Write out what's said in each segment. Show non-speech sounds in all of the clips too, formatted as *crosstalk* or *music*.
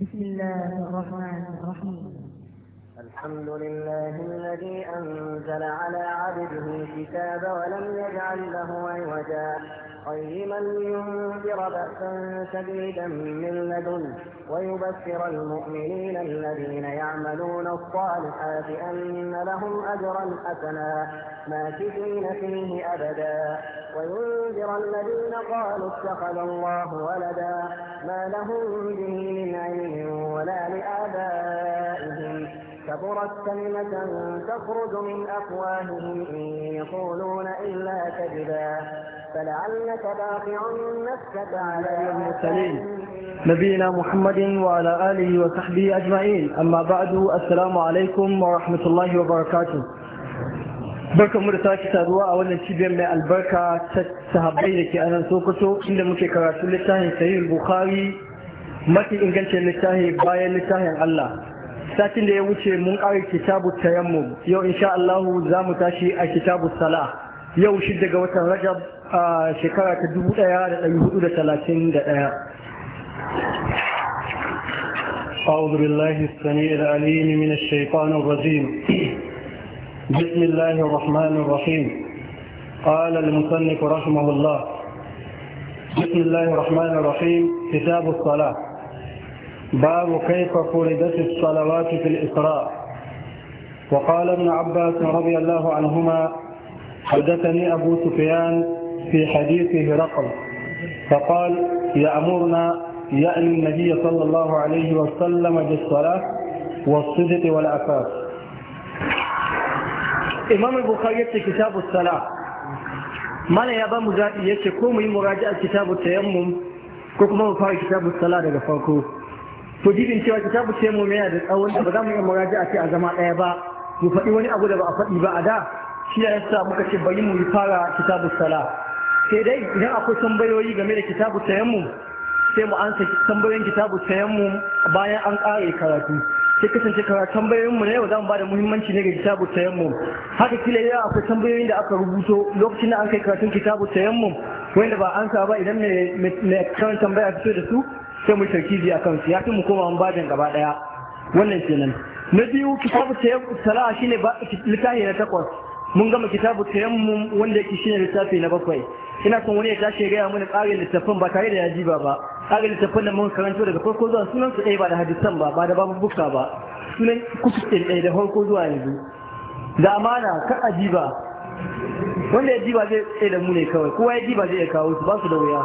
بسم الله الرحمن الرحيم الحمد لله الذي أنزل على عبده الكتاب ولم يجعل له عوجا قيما لينذر بأسا شديدا من لدنه ويبشر المؤمنين الذين يعملون الصالحات أن لهم أجرا حسنا ماكثين فيه أبدا وينذر الذين قالوا اتخذ الله ولدا ما لهم به من علم ولا لآبائهم كبرت كلمة تخرج من أفواههم إن يقولون إلا كذبا فلعلك باقع نفسك على المرسلين نبينا محمد وعلى آله وصحبه أجمعين أما بعد السلام عليكم ورحمة الله وبركاته barkan mu da sake saduwa a wannan cibiyar mai albarka ta sahabbai da ke anan sokoto inda muke karatu littafin sahih bukhari mafi ingancin littafi bayan littafin Allah satin da ya wuce mun kare kitabu tayammum yau insha Allah za mu tashi a kitabu sala yau shi daga watan Rajab a shekara ta 1431 أعوذ بالله السميع العليم من الشيطان الرجيم بسم الله الرحمن الرحيم قال المصنف رحمه الله بسم الله الرحمن الرحيم كتاب الصلاة باب كيف فرضت الصلوات في الإسراء وقال ابن عباس رضي الله عنهما حدثني أبو سفيان في حديثه رقم فقال يأمرنا يعني النبي صلى الله عليه وسلم بالصلاة والصدق والعفاف إمام البخاري كتاب الصلاة ما لا ba mu zaɓi yake مراجعه كتاب التيمم muraji a kitabu tayammum to dibin cewa kitabu ce mu yana da tsawon da ba za mu yi muraji a ce a zama ɗaya ba mu faɗi wani abu da ba a faɗi ba a da shi ya sa muka ce bari mu yi fara kitabu sala sai dai idan akwai tambayoyi game da kitabu tayammum sai mu ansa tambayoyin kitabu tayammum bayan an ƙare karatu sai kasance karatu tambayoyin mu na yau za mu bada muhimmanci ne ga kitabu tayammum haka kila yau akwai tambayoyin da aka rubuto lokacin da an kai karatun kitabu tayammum wanda ba ansa ba idan mai karanta tambaya fito da su sai mu tarkizi akan su ya fi mu koma bajin gaba daya wannan kenan na biyu kitabu sala'a shine littafi na takwas mun gama kitabu tayammum wanda yake shine littafi na bakwai ina son wani ya tashi gaya mana tsarin littafin ba tare da yaji ba ba tsarin littafin da mun karanto daga farko zuwa sunan su ɗaya ba da hadisan ba ba da babu buka ba sunan kusurɗin ɗaya da farko zuwa yanzu da amana ka ajiba wanda ya ji ba zai tsaye da mu ne kawai kowa ya ji ba zai kawo su ba su da wuya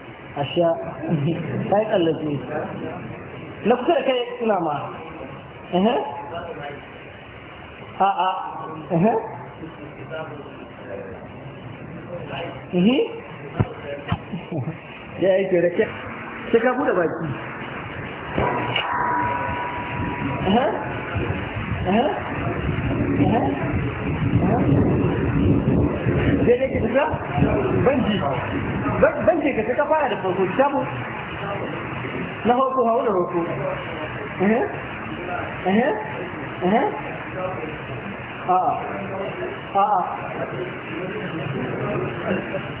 asha ta yi tsallace na kusa da kai suna ma a a ya yi ke da ke shekaku da baki Uh-huh. Uh-huh. Uh-huh. Uh-huh. zai ɗaya kisa banji banji ka ta fara da farko kitabu na farko hawa da farko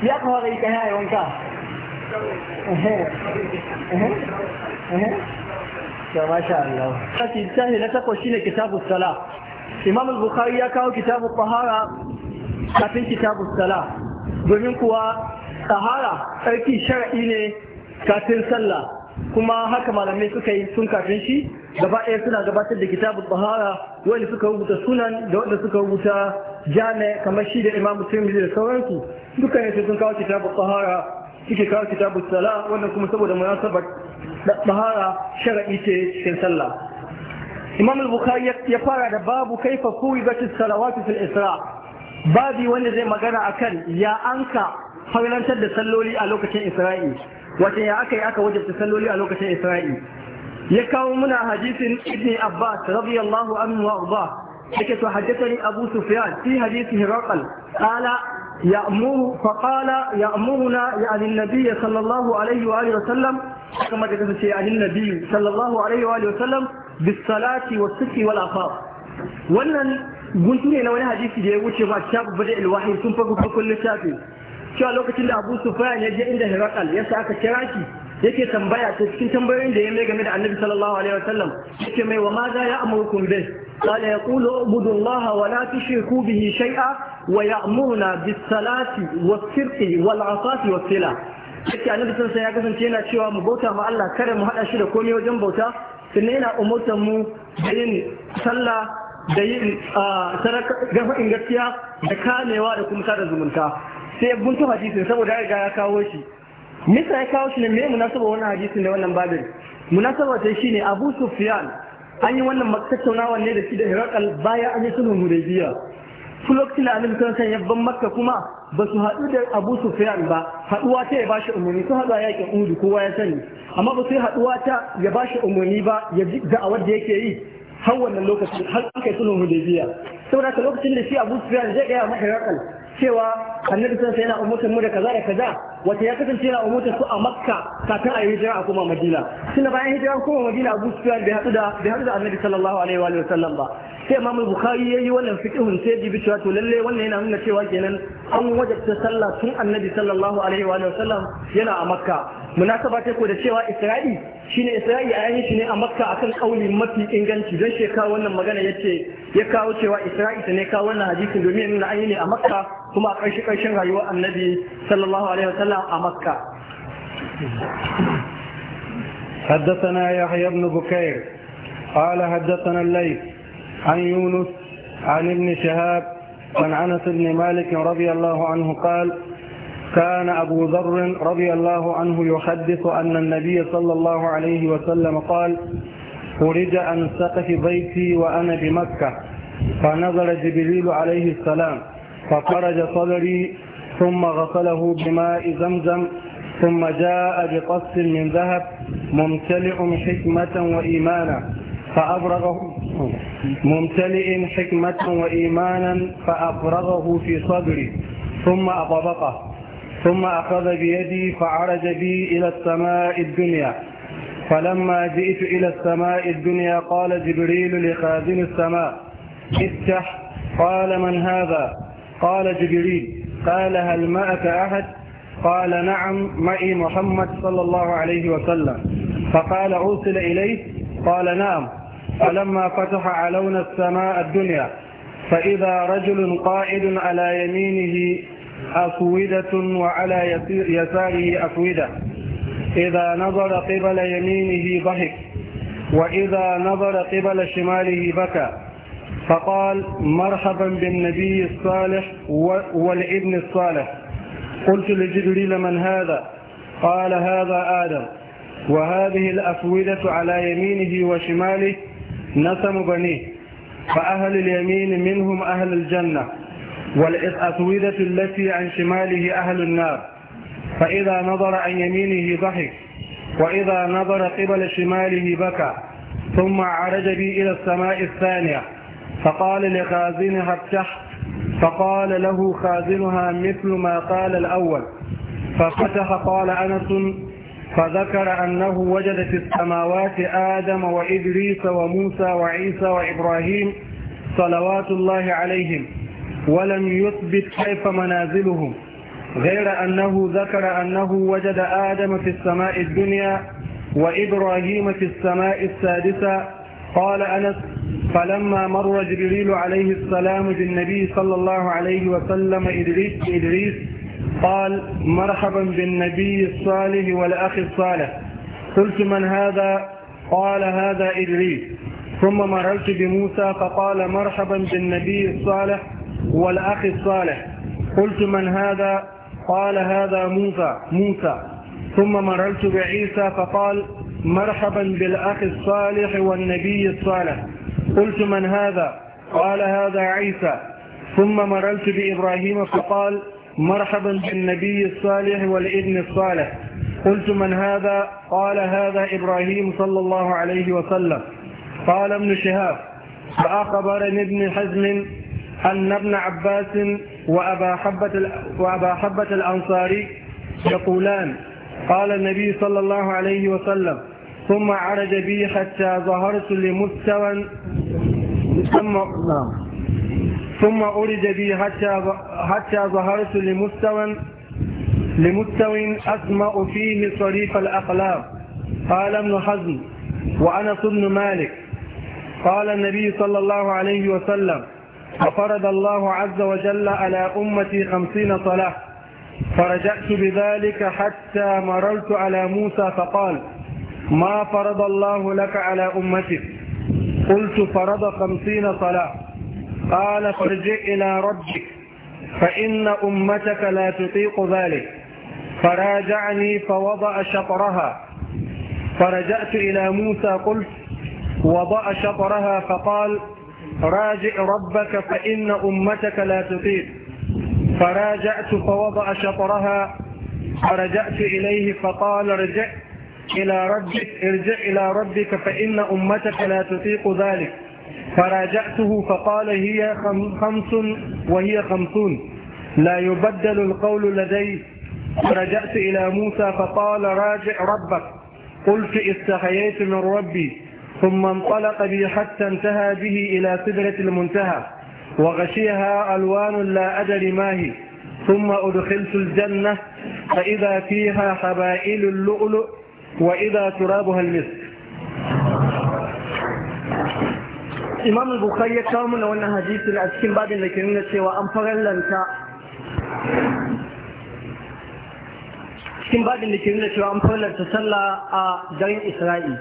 ya kawo da ita ya wanka ya masha Allah kasi tahi na takwas shine kitabu sala imam al-bukhari ya kawo kitabu tahara kafin kitabu sala domin kuwa tsahara tsarki shara'i ne kafin sallah kuma haka malamai suka yi sun kafin shi gaba ɗaya suna gabatar da kitabu tsahara wanda suka rubuta sunan da wanda suka rubuta jami'a kamar shi da imamu tirmidhi da sauransu duka ne sun kawo kitabu tsahara suke kawo kitabu sala wannan kuma saboda munasabar tsahara shara'i ce cikin sallah imam al-bukhari ya fara da babu kaifa kuwibat as salawatu fil isra' babi wanda zai magana akan ya anka faglantar da salloli a lokacin isra'i wata ya aka yi aka wajabta salloli a lokacin isra'i ya kawo muna hadisin ibn abbas radiyallahu anhu wa arda yake to haddathani abu sufyan fi hadisi hirqal qala ya'muru fa qala ya'muruna ya'ni an-nabiy sallallahu alaihi wa alihi wa sallam kama da kace ya'ni an-nabiy sallallahu alaihi wa alihi wa sallam bis salati was sufi wal afaf wannan mun ne na wani hadisi da ya wuce a shafi bada ilwahi sun fagu farkon littafi cewa lokacin da abu sufyan ya je inda hirakal ya sa aka kira shi yake tambaya ta cikin tambayoyin da ya mai game da annabi sallallahu alaihi wasallam yake mai wa ma za ya amurkum bih قال يقول اعبدوا الله ولا تشركوا به شيئا ويأمرنا بالصلاة والسرق والعصاة والصلة yake annabi sun ya kasance yana cewa mu bauta wa Allah kada mu haɗa shi da komai wajen bauta sannan yana umurtar mu da yin sallah da yin gafa gaskiya da kamewa da kuma sada zumunta sai mun taɓa hadisin saboda ya ya kawo shi misa ya kawo shi ne me munasaba wannan hadisin da wannan babin munasaba ta shi ne Abu Sufyan an yi wannan tattaunawa ne da shi da Hirakal baya an yi sulhun Hudaybiya su lokacin da Annabi makka kuma ba su haɗu da Abu Sufyan ba haɗuwa ta ya bashi umarni sun haɗu a yakin udu kowa ya sani amma ba su yi haɗuwa ta ya bashi umarni ba ya ji da'awar da yake yi har wannan lokacin har aka yi sulhun hudaybiya saboda ka lokacin da shi Abu Sufyan zai ga maka rakal cewa annabi sun sai yana umurtar mu da kaza da kaza wata ya kasance yana umurtar su a makka kafin a yi hijira a koma madina tunda bayan hijira koma madina abu sufyan bai hadu da bai hadu da annabi sallallahu alaihi wa sallam ba sai imam bukhari yi wannan fiqhun sai jibi cewa to lalle wannan yana nuna cewa kenan an wajabta sallah tun annabi sallallahu alaihi wa sallam yana a makka munasaba ta ko da cewa isra'i shi ne isra'i a yanyi shi ne a makka akan kauli mafi inganci don shi kawo wannan magana ya ce ya kawo cewa isra'i ta ne kawo wannan hadisin domin nuna an yi ne a makka kuma a ƙarshe ƙarshen rayuwar annabi sallallahu alaihi sallam a makka حدثنا يحيى بن بكير قال حدثنا laif, An Yunus, عن ابن شهاب عن انس بن مالك رضي الله عنه قال كان أبو ذر رضي الله عنه يحدث أن النبي صلى الله عليه وسلم قال أريد أن سقف بيتي وأنا بمكة فنزل جبريل عليه السلام فخرج صدري ثم غسله بماء زمزم ثم جاء بقص من ذهب ممتلئ حكمة وإيمانا فأبرغه ممتلئ حكمة وإيمانا فأبرغه في صدري ثم أطبقه ثم أخذ بيدي فعرج بي إلى السماء الدنيا فلما جئت إلى السماء الدنيا قال جبريل لخازن السماء افتح قال من هذا قال جبريل قال هل معك أحد قال نعم معي محمد صلى الله عليه وسلم فقال أرسل إليه قال نعم فلما فتح علون السماء الدنيا فإذا رجل قائد على يمينه أفودة وعلى يساره أفودة إذا نظر قبل يمينه ضحك وإذا نظر قبل شماله بكى فقال مرحبا بالنبي الصالح والابن الصالح قلت لجبريل من هذا قال هذا آدم وهذه الأفودة على يمينه وشماله نسم بنيه فأهل اليمين منهم أهل الجنة والأسودة التي عن شماله أهل النار فإذا نظر عن يمينه ضحك وإذا نظر قبل شماله بكى ثم عرج بي إلى السماء الثانية فقال لخازنها ابتح فقال له خازنها مثل ما قال الأول ففتح قال أنس فذكر أنه وجد في السماوات آدم وإدريس وموسى وعيسى وإبراهيم صلوات الله عليهم ولم يثبت كيف منازلهم غير أنه ذكر أنه وجد آدم في السماء الدنيا وإبراهيم في السماء السادسة قال أنس فلما مر جبريل عليه السلام بالنبي صلى الله عليه وسلم إدريس إدريس قال مرحبا بالنبي الصالح والأخ الصالح قلت من هذا قال هذا إدريس ثم مررت بموسى فقال مرحبا بالنبي الصالح والأخ الصالح قلت من هذا قال هذا موسى موسى ثم مررت بعيسى فقال مرحبا بالأخ الصالح والنبي الصالح قلت من هذا قال هذا عيسى ثم مررت بإبراهيم فقال مرحبا بالنبي الصالح والابن الصالح قلت من هذا قال هذا إبراهيم صلى الله عليه وسلم قال ابن شهاب فأخبرني ابن حزم أن ابن عباس وأبا حبة, وأبا حبة الأنصاري يقولان قال النبي صلى الله عليه وسلم ثم عرج بي حتى ظهرت لمستوى ثم نعم. ثم أرج بي حتى حتى ظهرت لمستوى لمستوى أسمع فيه صريف الأقلام قال ابن حزم وأنس بن مالك قال النبي صلى الله عليه وسلم ففرض الله عز وجل على أمتي خمسين صلاة فرجأت بذلك حتى مررت على موسى فقال ما فرض الله لك على أمتك قلت فرض خمسين صلاة قال فارجع إلى ربك فإن أمتك لا تطيق ذلك فراجعني فوضع شطرها فرجأت إلى موسى قلت وضع شطرها فقال راجع ربك فإن أمتك لا تطيق فراجعت فوضع شطرها فرجعت إليه فقال ارجع إلى ربك ارجع إلى ربك فإن أمتك لا تطيق ذلك فراجعته فقال هي خمس وهي خمسون لا يبدل القول لدي فرجعت إلى موسى فقال راجع ربك قلت استحييت من ربي ثم انطلق بي حتى انتهى به إلى سدرة المنتهى وغشيها ألوان لا أدري ما هي ثم أدخلت الجنة فإذا فيها حبائل اللؤلؤ وإذا ترابها المسك إمام البخاري كرم أن حديث الأسكين بعد ذكرنا سوى أنفغل لنسى Cikin bajin da ke nuna cewa an fara tsalla a daren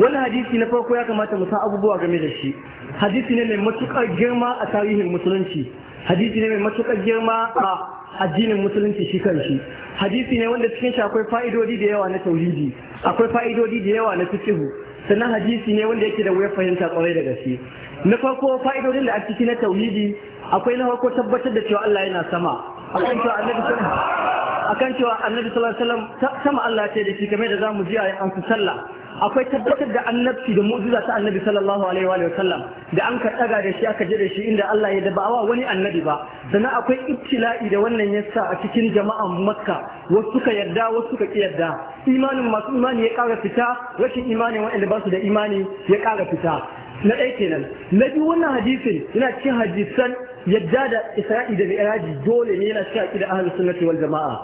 wani hadisi na farko ya kamata mu san abubuwa game da shi hadisi ne mai matuƙar girma a tarihin musulunci hadisi ne mai matuƙar girma a addinin musulunci shi kanshi hadisi ne wanda cikin shi akwai fa'idodi da yawa na tauhidi akwai fa'idodi da yawa na fiqhu sannan hadisi ne wanda yake da wuyar fahimta kwarai da gaske na farko fa'idodin da a ciki na tauhidi akwai na farko tabbatar da cewa Allah yana sama akwai cewa annabi sallallahu akan cewa annabi sallallahu alaihi wasallam sama Allah ce da shi kamar da zamu ji a an su sallah akwai tabbatar da annabci da mu'jiza ta annabi sallallahu alaihi wa sallam da an ka daga da shi aka je da shi inda Allah ya dabawa wani annabi ba sannan akwai ibtila'i da wannan ya sa a cikin jama'an makka wasu suka yarda wasu suka yarda imanin masu imani ya ƙara fita rashin imanin waɗanda ba su da imani ya ƙara fita na ɗaya kenan na biyu wannan hadisin yana cikin hadisan yadda da isra'i da mi'raji dole ne yana cikin aqida ahlus sunnati wal jamaa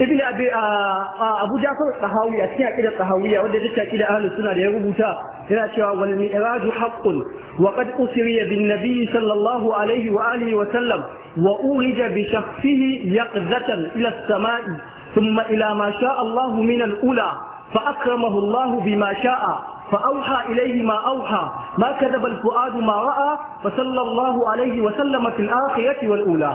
ibn abi abu jafar tahawiya cikin aqida tahawiya wanda yake aqida ahlus sunna da ya rubuta yana cewa wal mi'raju haqqun wa qad usriya bin nabiy sallallahu alaihi wa alihi wa sallam wa urija bi shakhsihi yaqzatan ila as-sama'i thumma ila ma sha'a Allah min al-ula fa akramahu Allah bima sha'a فأوحى إليه ما أوحى ما كذب الفؤاد ما رأى فصلى الله عليه وسلم في الآخرة والأولى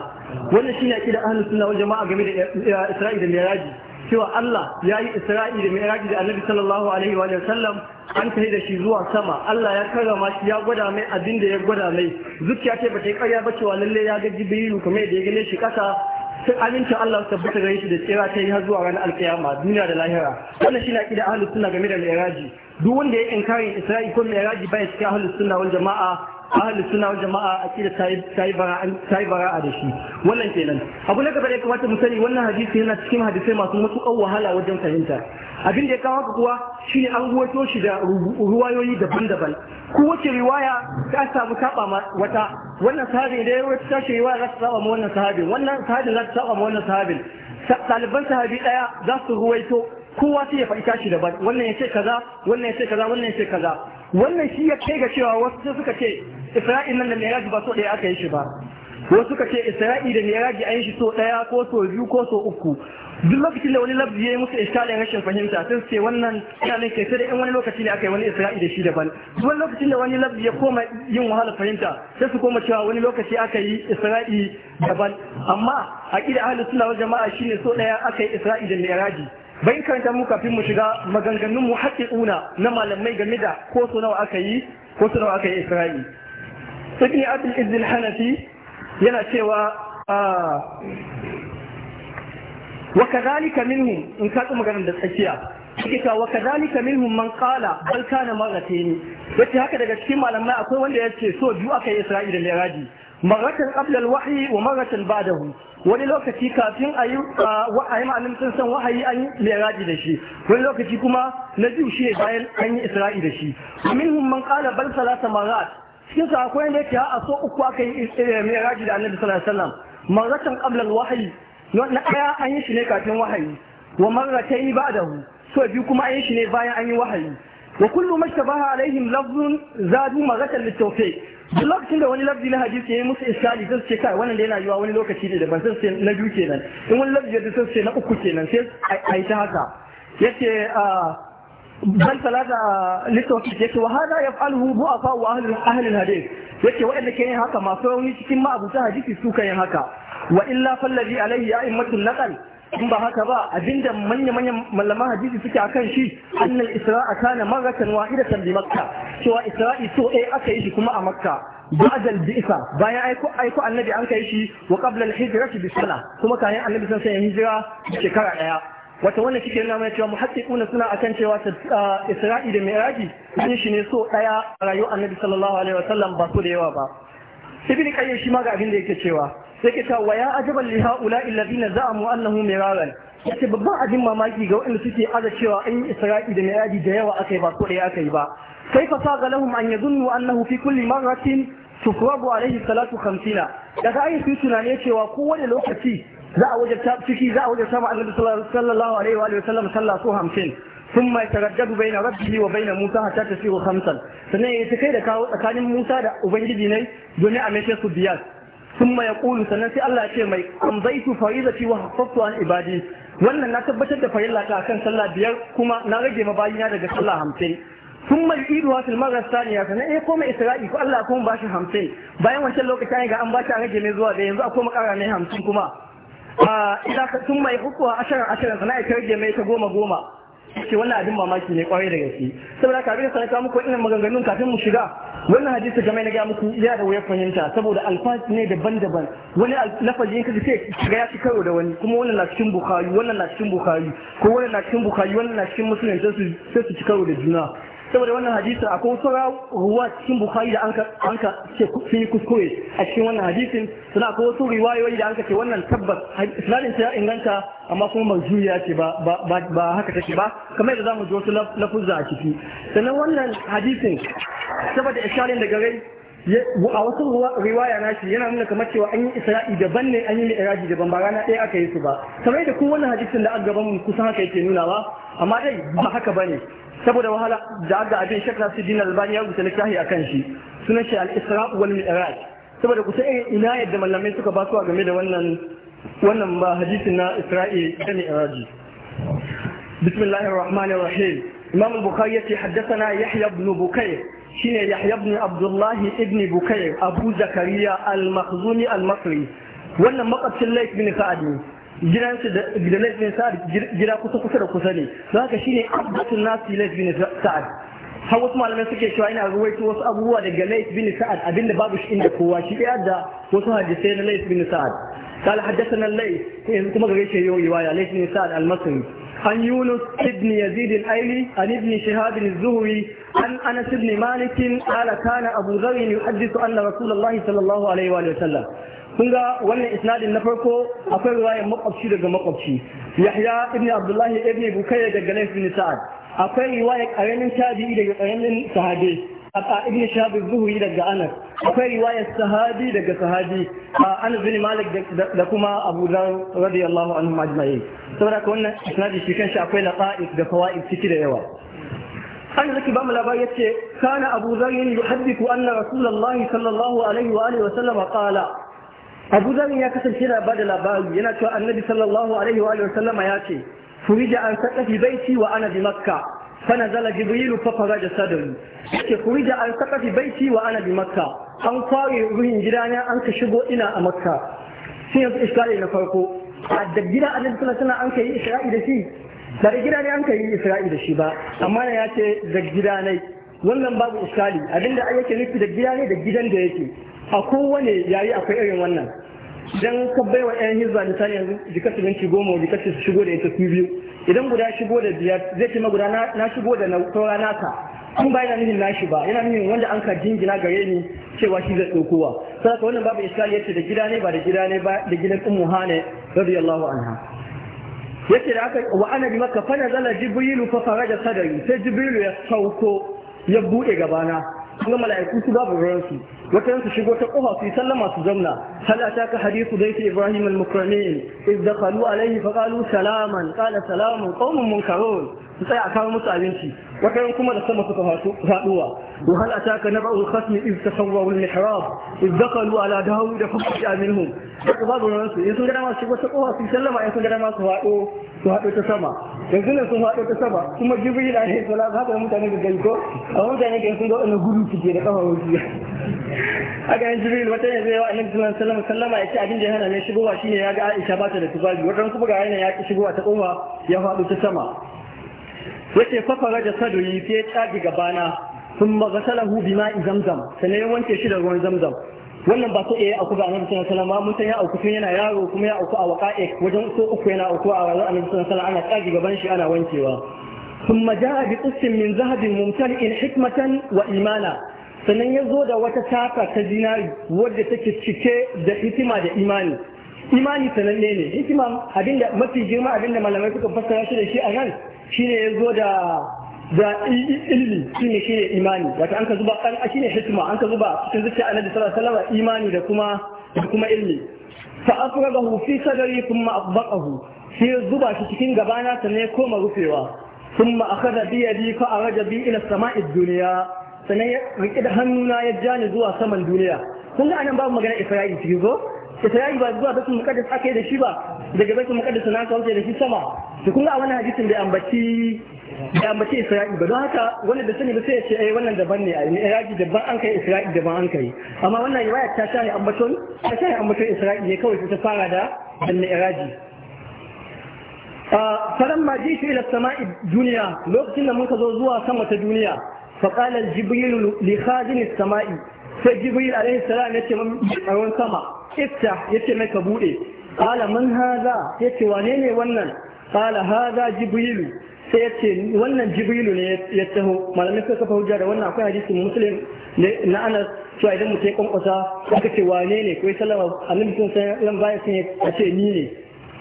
ونشينا إلى أهل السنة والجماعة جميل إسرائيل المعراج cewa Allah ya yi Isra'i da Miraji da Annabi sallallahu alaihi wa sallam an kai da shi zuwa sama Allah ya karrama shi ya gwada mai abin da ya gwada mai zuciya ce ba ta yi ƙarya ba cewa lalle ya ga Jibrilu kamar da ya gane shi ƙasa sai aminci Allah tabbata gare shi da tsira ta yi har zuwa ranar alƙiyama duniya da lahira wannan shi na ƙida ahlus sunna game da Miraji duk wanda ya inkarin isra'i ko mai raji bayan cikin ahalus suna wal jama'a ahalus suna wal jama'a a akida sai bara bara'a da shi wannan kenan abu na gaba da ya kamata mu sani wannan hadisi yana cikin hadisai masu matuƙar wahala wajen fahimta abin da ya kawo haka kuwa shine an ruwato shi da ruwayoyi daban-daban wace riwaya ta samu saba wata wannan sahabin da ya ruwato ta shi riwaya za ta saba ma wannan sahabin wannan sahabin za ta saba ma wannan sahabin ɗaliban sahabi ɗaya za su ruwaito kowa sai ya faɗi tashi daban wannan ya ce kaza wannan ya ce kaza wannan ya ce kaza wannan shi ya kai ga cewa wasu sai suka ce isra'il nan da miraji ba so ɗaya aka yi shi ba wasu suka ce isra'i da miraji an yi shi so ɗaya ko so biyu ko so uku duk lokacin da wani labdi ya yi musu iskalin rashin fahimta sun ce wannan ina ne ke sai da in wani lokaci ne aka yi wani isra'i da shi daban wani lokacin da wani labdi ya koma yin wahala fahimta sai su koma cewa wani lokaci aka yi isra'i daban amma a ƙida ahalin suna jama'a shine so ɗaya aka yi isra'i da miraji bayan karanta mu kafin mu shiga maganganun mu haƙiƙuna na malamai game da ko su nawa aka yi ko su nawa aka yi isra'i ibn abdul izil hanafi yana cewa ah, wa kadhalika minhum in ka tsuma ganin da tsakiya kika wa kadhalika minhum man qala bal kana ni. yace haka daga cikin malamai akwai wanda yace so biyu aka yi isra'i da miraji maratan qabla al-wahyi wa maratan ba'dahu wani lokaci kafin a yi wa'ayi ma'anin sun san wahayi an yi miraji da shi wani lokaci kuma na biyu shi bayan an yi isra'i da shi minhum man qala bal salasa marat cikin akwai da yake a so uku aka yi eh, eh, da annabi sallallahu alaihi wasallam maratan qabla al-wahyi na aya an yi shi ne kafin wahayi wa marratayn ba'dahu so biyu kuma an yi shi ne bayan an yi wahayi wa kullu mashtabaha alaihim lafzun zadu maratan litawfiq duk lokacin da wani lafzi na hadisi ya yi musu iskali sai su ce kai wannan da yana yiwa wani lokaci ne da ban sai na biyu kenan in wani lafzi da sai na uku kenan sai a yi ta haka yace bal talata littafi yake wa hada yaf'aluhu du'afa wa ahli ahli hadith yake wa'anda ke yin haka masu rauni cikin ma'abuta hadisi su kan yin haka wa illa fallazi alaihi ya'immatul naqal in ba haka ba abinda manya-manyan malaman hadisi suke akan shi annal isra'a kana maratan wahidatan bi makka cewa isra'i so e aka yi shi kuma a makka ba'da al-bi'sa bayan aiko aiko annabi an kai shi wa qabla al-hijrah bi sana kuma kayan annabi san sai hijira shekara ɗaya wata wannan kike nuna cewa cewa muhaddiquna suna akan cewa isra'i da mi'raji sun shi ne so ɗaya a rayuwar annabi sallallahu alaihi wasallam ba so da yawa ba ibn qayyim shi ma ga abin da yake cewa sai ke cewa ya ajaban li haula alladhina za'amu annahu miraran yace babban abin mamaki ga waɗanda suke aza cewa an yi isra'i da mi'adi da yawa akai ba ko da kai ba sai fa saga lahum an yadhunnu annahu fi kulli marratin tukrabu alaihi salatu khamsina daga ayi su tunane cewa kowane lokaci za a wajabta ciki za a wajabta ma annabi sallallahu alaihi wa sallam sallah ko hamsin ثم يتردد بين ربه وبين موسى حتى تصير خمسا sannan ya kai da kawo tsakanin Musa da Ubangiji ne domin a mace su biyar ثم Kulu sannan sai Allah ya ce mai amzaitu faridati wa haffaftu an ibadi wannan na tabbatar da farilla ta akan sallah biyar kuma na rage mabayina daga sallah hamsin sun mai idu wasu marar saniya sannan ya eh, koma isra'i ko Allah kuma ba shi hamsin bayan wancan lokacin ga an ba shi a rage mai zuwa da yanzu a koma kara mai hamsin kuma sun mai hukuwa ashirin ashirin sannan ya rage mai ta goma goma ke wannan abin mamaki ne kwarai da gaske saboda ka bin sanata muku irin maganganun kafin mu shiga wannan hadisi game na ga muku yana da wayar fahimta saboda alfaz ne daban-daban wani lafazi in kaji sai ga ya fi karo da wani kuma wannan na cikin bukhari wannan na cikin bukhari ko wannan na cikin bukhari wannan na cikin musulun sai su ci karo da juna saboda wannan hadisin akwai wasu ruwa cikin bukari da anka ce sun yi kuskure a cikin wannan hadisin suna akwai wasu riwayoyi da ka ce wannan tabbas sinadin ta inganta amma kuma marjuriya ce ba haka take ba kamar yadda zamu ji wasu lafuzza a ciki sannan wannan hadisin saboda isharin da gare a wasu riwaya na shi yana nuna kamar cewa an yi isra'i daban ne an yi mi'raji daban ba rana ɗaya aka yi su ba kamar da kun wannan hadisin da aka gaban kusan haka yake nunawa amma dai ba haka ba ne. saboda wahala da aga abin shakka su dina albani ya rubuta littafi kan shi sunan shi al-isra wal mi'raj saboda kusa irin ina yadda mallamai suka ba su game da wannan wannan ba hadisin na isra'i da mi'raji bismillahir rahmanir rahim imam al-bukhari yace haddathana yahya ibn bukayr shine yahya ibn abdullah ibn bukayr abu zakariya al-makhzumi al-masri wannan maqatil layth bin sa'd gidansu da laifin sa'ad gida kusa kusa da kusa ne don haka shine abdul nasi laifin sa'ad har wasu malamai suke cewa ina ruwaito wasu abubuwa daga Laith bin Sa'ad abinda babu shi inda kowa shi ɗaya da wasu hadisai na Laith bin Sa'ad قال حدثنا الليث كما غير شيء رواية ليث بن سعد المصري عن يونس ابن يزيد الايلي عن ابن شهاب الزهري عن انس بن مالك قال كان ابو ذر يحدث ان رسول الله صلى الله عليه واله وسلم kun ga wannan isnadin na farko akwai riwayar makwabci daga makwabci yahya ibn abdullahi ibn bukayya daga laif bin sa'ad akwai riwayar karamin tabi'i daga karamin sahabi aka ibn shahab zuhri daga anas akwai riwayar sahabi daga sahabi anas bin malik da kuma abu dhar radiyallahu anhu ajma'in saboda ka wannan isnadi shi kanshi akwai laqa'id da fawaid ciki da yawa أنا لك بام لبايتي كان أبو ذر يحدث أن رسول الله صلى الله عليه وآله وسلم قال abu zarin ya kasance yana ba da labari yana cewa annabi sallallahu alaihi wa sallama ya ce furija an saƙafi baiti wa ana bi makka fanazala jibrilu fa faraja sadri yake furija an saƙafi baiti wa ana bi makka an kware ruhin gidana an ka shigo ina a makka sun yanzu iskari na farko a da gida annabi sallallahu alaihi an ka yi isra'i da shi da gida ne an ka yi isra'i da shi ba amma ya ce da gida ne wannan babu iskari abinda ayyuka nufi da gida ne da gidan da yake a kowane yayi akwai irin wannan idan ka bai wa yan hizba misali yanzu jikar su minti goma jikar su shigo da ita su biyu idan guda shigo da biyar zai ce guda na shigo da na saura naka an ba yana nashi ba yana nufin wanda an ka jingina gare ni cewa shi zai ɗaukowa saboda wannan babu iskali yace da gida ne ba da gida ne ba da gidan ummu hane radiyallahu anha yace da aka wa ana bi maka fa nazala jibrilu fa faraja sadari sai jibrilu ya sauko ya bude gabana kuma mala'iku su babu ruwansu وكان تشيغو تقوها في سلم تزمنا هل أتاك حديث بيت إبراهيم المكرمين إذ دخلوا عليه فقالوا سلاما قال سلام قوم منكرون sai a kawo musu abinci wata yan kuma da sama suka faduwa wa hal ataka naba'u al-khasm iz tasawwaru al-mihrab iz dakalu ala dawud fa qad aminhum babu ran wata su su haɗo ta sama yanzu ne sun haɗo ta sama kuma jibril a ne sala za ka mutane da gani ko a mutane yi sun ga wani gudu ke da kafa wuce ga yin jibril wata zai wa annabi sallallahu alaihi wasallam ya ce abin da ya hana ne shigowa shine ya ga Aisha ba ta da tufafi wadan kuma ga yana ya ki shigowa ta kofa ya haɗu ta sama yace fa faraja yi sai ya tsagi gabana sun magasalahu bima zamzam sannan ya wanke shi da ruwan zamzam wannan ba so iya auku ga annabi sallallahu alaihi wasallam mun san ya auku tun yana yaro kuma ya auku a waqa'i wajen so uku yana auku a wajen annabi sallallahu alaihi wasallam ana tsaji gaban shi ana wankewa ثم جاء بقص من ذهب ممتلئ حكمة وإيمانا sannan ya zo da wata taka ta zinari wadda take cike da hikima da imani imani sanan ne hikima abinda mafi girma abinda malamai suka fassara shi da shi a nan shine ya zo da da ilmi shine shine imani wato an ka zuba kan shine hikma an ka zuba cikin zuciya annabi sallallahu alaihi wasallam imani da kuma da kuma ilmi fa afragahu fi sadri thumma afdaqahu sai zuba shi cikin gabana sannan ya koma rufewa thumma akhadha bi yadi fa araja bi ila samai dunya sannan ya riƙe da hannuna ya ja ni zuwa saman duniya kun ga anan babu magana isra'il cikin zo isra'il ba zuwa bakin mukaddas ake da shi ba daga bakin mukaddas na kauce da shi sama to kun ga a wannan hadisin bai ambaci da mace isra'i ba don haka wani da sani ba sai ya ce ai eh, wannan daban ne ai iraki eh, daban an kai isra'i daban an kai amma wannan riwaya ta shahi ambaton ta shahi ambaton isra'i ne kawai ta fara da ah faran ma ji ila sama'i duniya lokacin da muka zo zuwa sama ta duniya qala jibril li khazin samai sai jibril alayhi salam yace mun tsaron sama ifta yace mai ka bude qala man hadha yace wane ne wannan qala hadha jibril sai ya ce wannan jibrilu ne ya taho malamai suka kafa hujja da wannan akwai hadisi muslim na anas cewa idan mutum ya kwankwasa aka ce wane ne ko ya sallama annabi sun san ran baya sun ya ce ni ne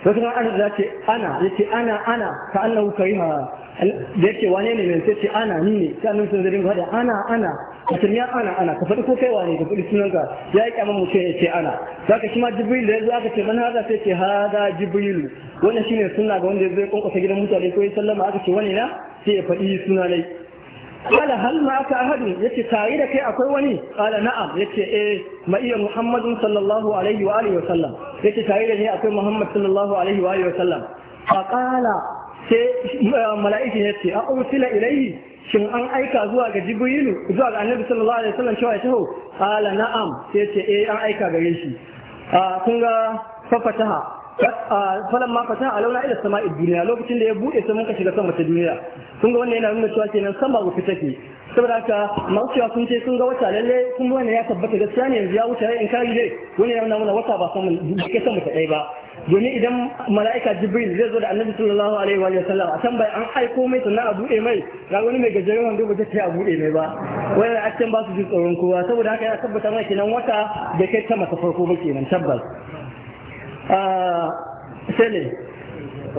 wasu kan anas za ce ana ya ce ana ana ka annahu karima da ya ce wane ne ne sai ce ana ni ne sai annabi sun zai dinga ana ana mutum ya ana ana ka faɗi ko kai wane ka faɗi sunan ka ya yi kyaman mutum ya ce ana zaka shi ma jibril da yanzu aka ce man haza sai ce haza jibril wannan shine sunna ga wanda ya zai kwankwasa gidan mutane ko ya sallama aka ce wani na sai ya faɗi suna nai قال هل معك أحد يتي تايدك أكوي وني قال نعم يتي إيه معي محمد صلى الله عليه وآله وسلم يتي تايدني أكوي محمد صلى الله عليه وآله وسلم فقال سي ملائكة a أرسل إليه shin an aika zuwa ga jibrilu zuwa ga annabi sallallahu alaihi wasallam cewa ya taho ala na'am sai ce eh an aika gare shi kun ga fafataha falan ma fataha alauna ila sama'id duniya lokacin da ya bude sai muka shiga sama ta duniya kun ga wannan yana nuna cewa kenan sama fita ke. saboda haka masu cewa sun ce sun ga wata lalle kun wannan ya tabbata gaskiya ne yanzu ya wuce in kari dai wani ya nuna wata ba sama ke sama ta ɗaya ba domin idan mala'ika jibril zai zo da annabi sallallahu alaihi wa sallam a can bai an aiko mai sannan a buɗe mai ga wani mai gajeren wando ba ta a buɗe mai ba wannan a can ba su ji tsoron kowa saboda haka ya tabbata mai kenan wata da kai sama ta farko ba kenan tabbas ah, sai ne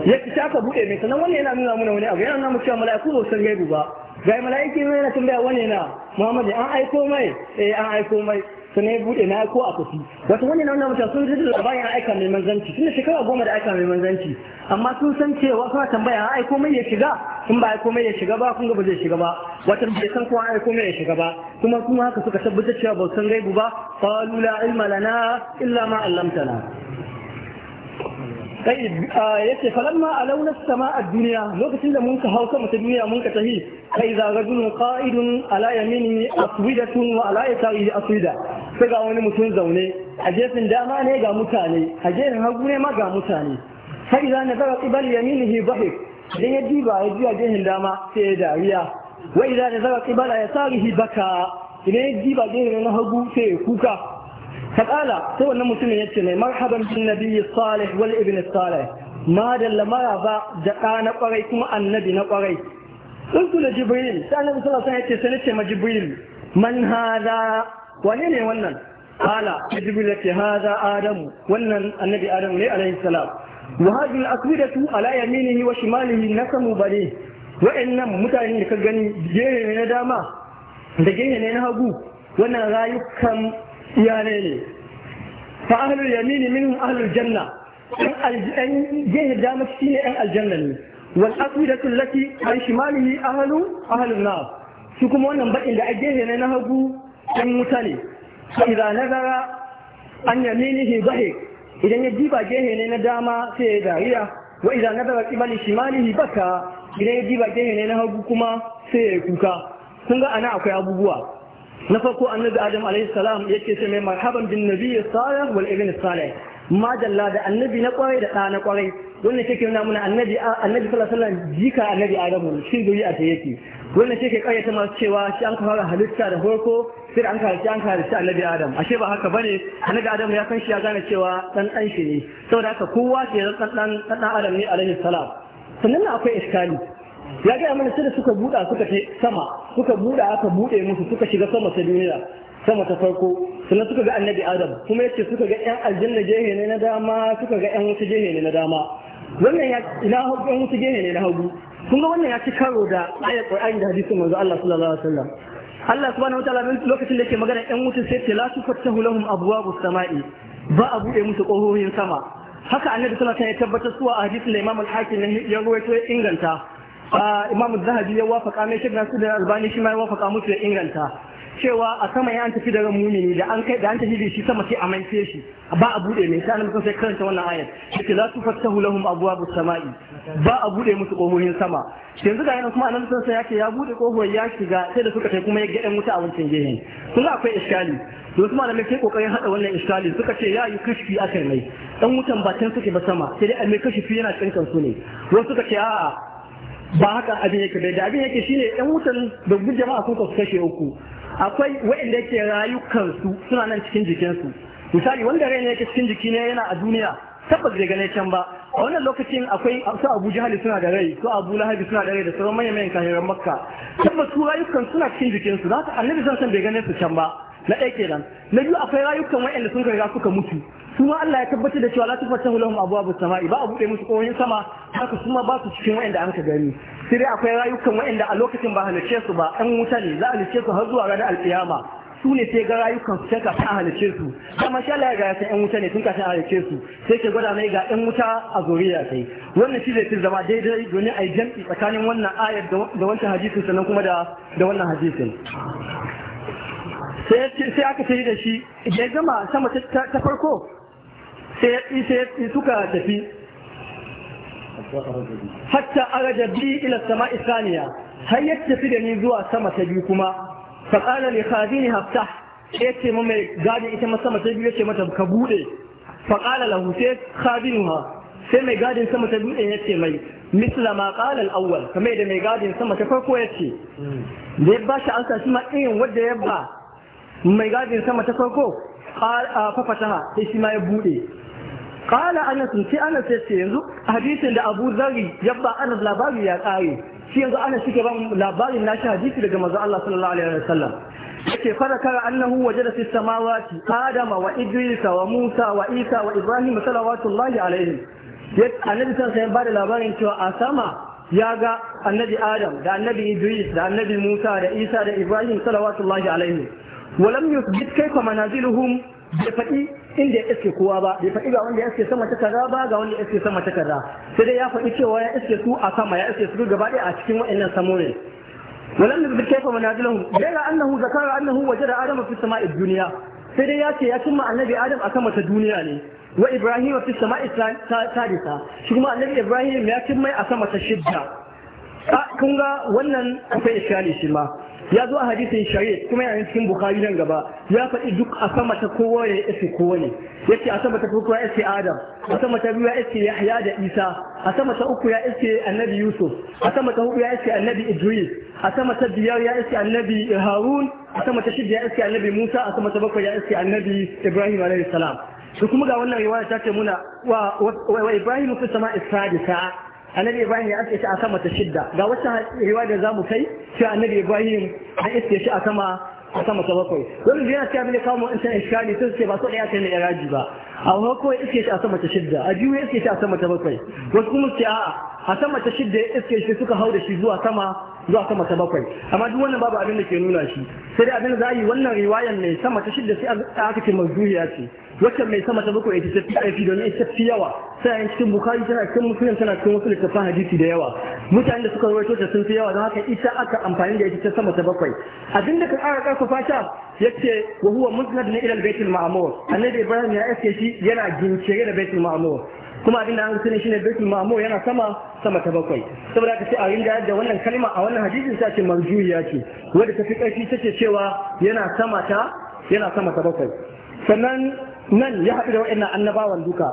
ya fita aka buɗe mai sannan wannan yana nuna mana wani abu yana nuna mu cewa mala'iku ba san gaibu ba ga mala'iki mai na tambaya wani na muhammadu an aiko mai eh an aiko mai sannan ya bude na ko a kusi wato na wannan mutum sun rubuta da bayan aika mai manzanci tunda shekara goma da aika mai manzanci amma sun san cewa suna tambaya an aiko mai ya shiga sun ba aiko mai ya shiga ba kun ga ba zai shiga ba wata bai san ko aiko mai ya shiga ba kuma kuma haka suka tabbatar cewa ba san gaibu ba qalu la ilma lana illa ma allamtana طيب آه يتي فلما علونا السماء الدنيا لو كتل منك هوكا متدنيا منك تهي فإذا رجل قائد على يمينه أسودة وعلى يساره أسودة فقا وني متون زوني أجيس داما نيغا متاني أجيس هقوني ما غا متاني فإذا نظر قبل يمينه ضحك لن يجيبا يجيبا جيه داما سيدا ويا وإذا نظر قبل يساره بكى إذا يجيبا جيه نهبو سيكوكا faƙala sai wannan mutumin yace mai marhaban bin nabiyyi salih wal ibn salih ma dalla maraba da ɗa na ƙwarai kuma annabi na ƙwarai qultu li jibril sai annabi sallallahu alaihi wasallam yace sai nace ma jibril man hada wane ne wannan qala jibril yace hada adamu wannan annabi adamu ne alaihi salam wa hadhihi al-aswidatu ala yaminihi bari da ka gani gehe ne na dama da gehe ne na hagu wannan rayukan iyalai ne fa ahlul yamini minhum ahlul janna yan gehe dama shi ne yan aljanna ne wal aqidatu allati shimali shimalihi ahlu ahlun na su kuma wannan bakin da a gehe ne na hagu yan mutane fa idza nazara an yaminihi dhahik idan ya jiba gehe ne na dama sai ya dariya wa idza nazara qibali shimalihi baka idan ya jiba gehe ne na hagu kuma sai ya kuka kun ga ana akwai abubuwa na farko annabi adam alayhi salam yake ce mai marhaban bin nabi salih wal ibn salih Majalla da annabi na kwarai da ɗa na kwarai wannan yake ke nuna muna annabi annabi sallallahu alaihi wasallam jika annabi adamu shin duri a sai yake wannan yake ke karyata masu cewa shi an fara halitta da farko sai an karci an karci annabi adam ashe ba haka bane annabi adam ya san shi ya gane cewa dan dan shi ne saboda haka kowa ke dan dan adam ne alayhi salam sannan akwai iskali ya gaya mana sai da suka buɗa suka ce sama suka buɗa aka buɗe musu suka shiga sama ta duniya sama ta farko sannan suka ga annabi adam kuma yace suka ga yan aljanna jehe ne na dama suka ga yan wasu jehe ne na dama wannan ya ina hagu yan wasu jehe ne na hagu kun ga wannan ya ci karo da ayat qur'ani da hadisin manzo Allah sallallahu alaihi wasallam Allah subhanahu wataala lokacin da yake magana yan wasu sai ce la tufattahu lahum abwabus sama'i ba a buɗe musu ƙohohin sama haka annabi sallallahu alaihi wasallam ya tabbatar suwa a hadisin da Imam al-Hakim ya ruwaito ya inganta imam zahabi ya wafaka mai shi su da albani shi ma ya wafaka mutu da inganta cewa a sama ya tafi da ran mumini da an kai da an tafi da shi sama sai a mance shi ba a bude mai sai annabi sai karanta wannan ayat za su tufattahu lahum abwabus samai ba a bude musu kohohin sama yanzu ga yana kuma annabi sai yake ya bude kohoyi ya shiga sai da suka kai kuma ya gadan wuta a wancan gehen kun ga akwai iskali to wasu malamai sai kokarin hada wannan iskali suka ce ya yi kashfi akai mai dan wutan ba can suke ba sama sai dai a mai kashfi yana tsinkan su ne wasu suka ce a'a ba haka abin yake bai da abin yake shine yan wutan da duk jama'a sun kasu kashe uku akwai waɗanda yake rayukansu suna nan cikin jikinsu misali wanda rai ne yake cikin jiki ne yana a duniya tabbas bai gane can ba a wannan lokacin akwai su abu jahali suna da rai su abu lahabi suna da rai da sauran manyan manyan kahiran makka tabbas su rayukan suna cikin jikinsu za ka annabi zan san bai gane su can ba na ɗaya kenan na biyu akwai rayukan waɗanda sun riga suka mutu su ma Allah ya tabbatar da cewa la tufatahu abu abwabu samai ba a buɗe musu koyon sama haka su ma ba su cikin waɗanda an ka gani sai dai akwai rayukan waɗanda a lokacin ba halice su ba ɗan wuta ne za a halice su har zuwa ranar alƙiyama su ne sai ga rayukan su kafin a halice su amma sha Allah ya ga san ƴan wuta ne sun kafin a halice su sai ke gwada mai ga ƴan wuta a zuriya sai wannan shi zai fi zama daidai domin a yi jam'i tsakanin wannan ayar da wancan hadisin sannan kuma da wannan hadisin sai aka tafi da shi da ya gama sama ta farko sai suka tafi hatta araja biyu ila sama isaniya har ya tafi da ni zuwa sama ta biyu kuma faƙalar ne kazi ni hafta ya ce mu mai gadin ita ma sama ta biyu ya ce mata ka buɗe faƙalar lahu sai kazinuha sai mai gadin sama ta buɗe ya ce mai misla ma qala al-awwal kamar da mai gadin sama ta farko ya ce hmm. da ya ba shi ansa shi ma irin wanda ya ba mai gadin sama ta farko fafataha sai shi ma ya bude kala anas sai anas ya ce yanzu hadisin da abu zari yabba anas labari ya kare shi yanzu anas suke ban labarin nashi hadisi daga manzo Allah sallallahu alaihi wasallam yake farakar annahu wajada fi samawati adama wa idrisa wa musa wa isa wa ibrahim salawatullahi alaihim annabi sallallahu ba da labarin cewa a sama ya ga annabi adam da annabi idris da annabi musa da isa da ibrahim salawatullahi alaihim walam yusbit kaifa manaziluhum bai faɗi inda ya iske kowa ba bai faɗi ga wanda ya iske sama ta ba ga wanda ya iske sama ta sai dai ya faɗi cewa ya iske su a sama ya iske su gaba ɗaya a cikin waɗannan samorin walam yusbit kaifa manaziluhum gaira annahu zakara annahu wajada adama fi sama'id duniya sai dai ya ce ya cimma annabi adam a sama duniya ne wa ibrahim fi kuma annabi ibrahim ya cimma a shidda kun ga wannan akwai iskali shi ya zo a hadisin shari'a kuma yana cikin bukhari nan gaba ya faɗi duk a sama ta kowa ya isi kowa ne yace a sama ta farko ya isi adam a sama ta biyu ya isi yahya da isa a sama ta uku ya isi annabi yusuf a sama ta hudu ya isi annabi idris a sama ta biyar ya isi annabi harun a sama ta shida ya isi annabi musa a sama ta bakwai ya isi annabi ibrahim alaihi salam su kuma ga wannan riwaya ta ce muna wa ibrahim fi sama'i sadisa annabi ibrahim ya aske shi a sama ta shidda ga wata riwaya da zamu kai cewa annabi ibrahim an iske shi a sama a sama ta bakwai wani da yana cewa bin kawo mu san iskali sun ce ba so daya kai ne iraji ba a hako ya iske shi a sama ta shidda a juya iske shi a sama ta bakwai wasu kuma ce a'a a sama ta shidda ya iske shi suka hau da shi zuwa sama zuwa sama ta bakwai amma duk wannan babu abin da ke nuna shi sai dai abin da za a yi wannan riwayan ne sama ta shidda sai aka ce mazuhiya ce wacce mai sama ta bakwai ita tafi aiki domin ita fi yawa sai cikin bukari tana cikin musulun tana cikin wasu littattafan hadisi da yawa mutanen da suka rawaito ta sun fi yawa don haka ita aka amfani da ita ta sama ta bakwai abinda ka ƙara ƙarfafa ta yace wa huwa musnad na ilal baitul ma'mur annabi ibrahim ya aske shi yana gincire da baitul ma'mur kuma abinda an sani shine baitul ma'mur yana sama sama ta bakwai saboda haka sai a rinda da wannan kalma a wannan hadisin ta ce marjuiya ce wanda ta fi ƙarfi ce cewa yana sama ta yana sama ta bakwai sannan nan ya haɗu da wa'annan annabawan duka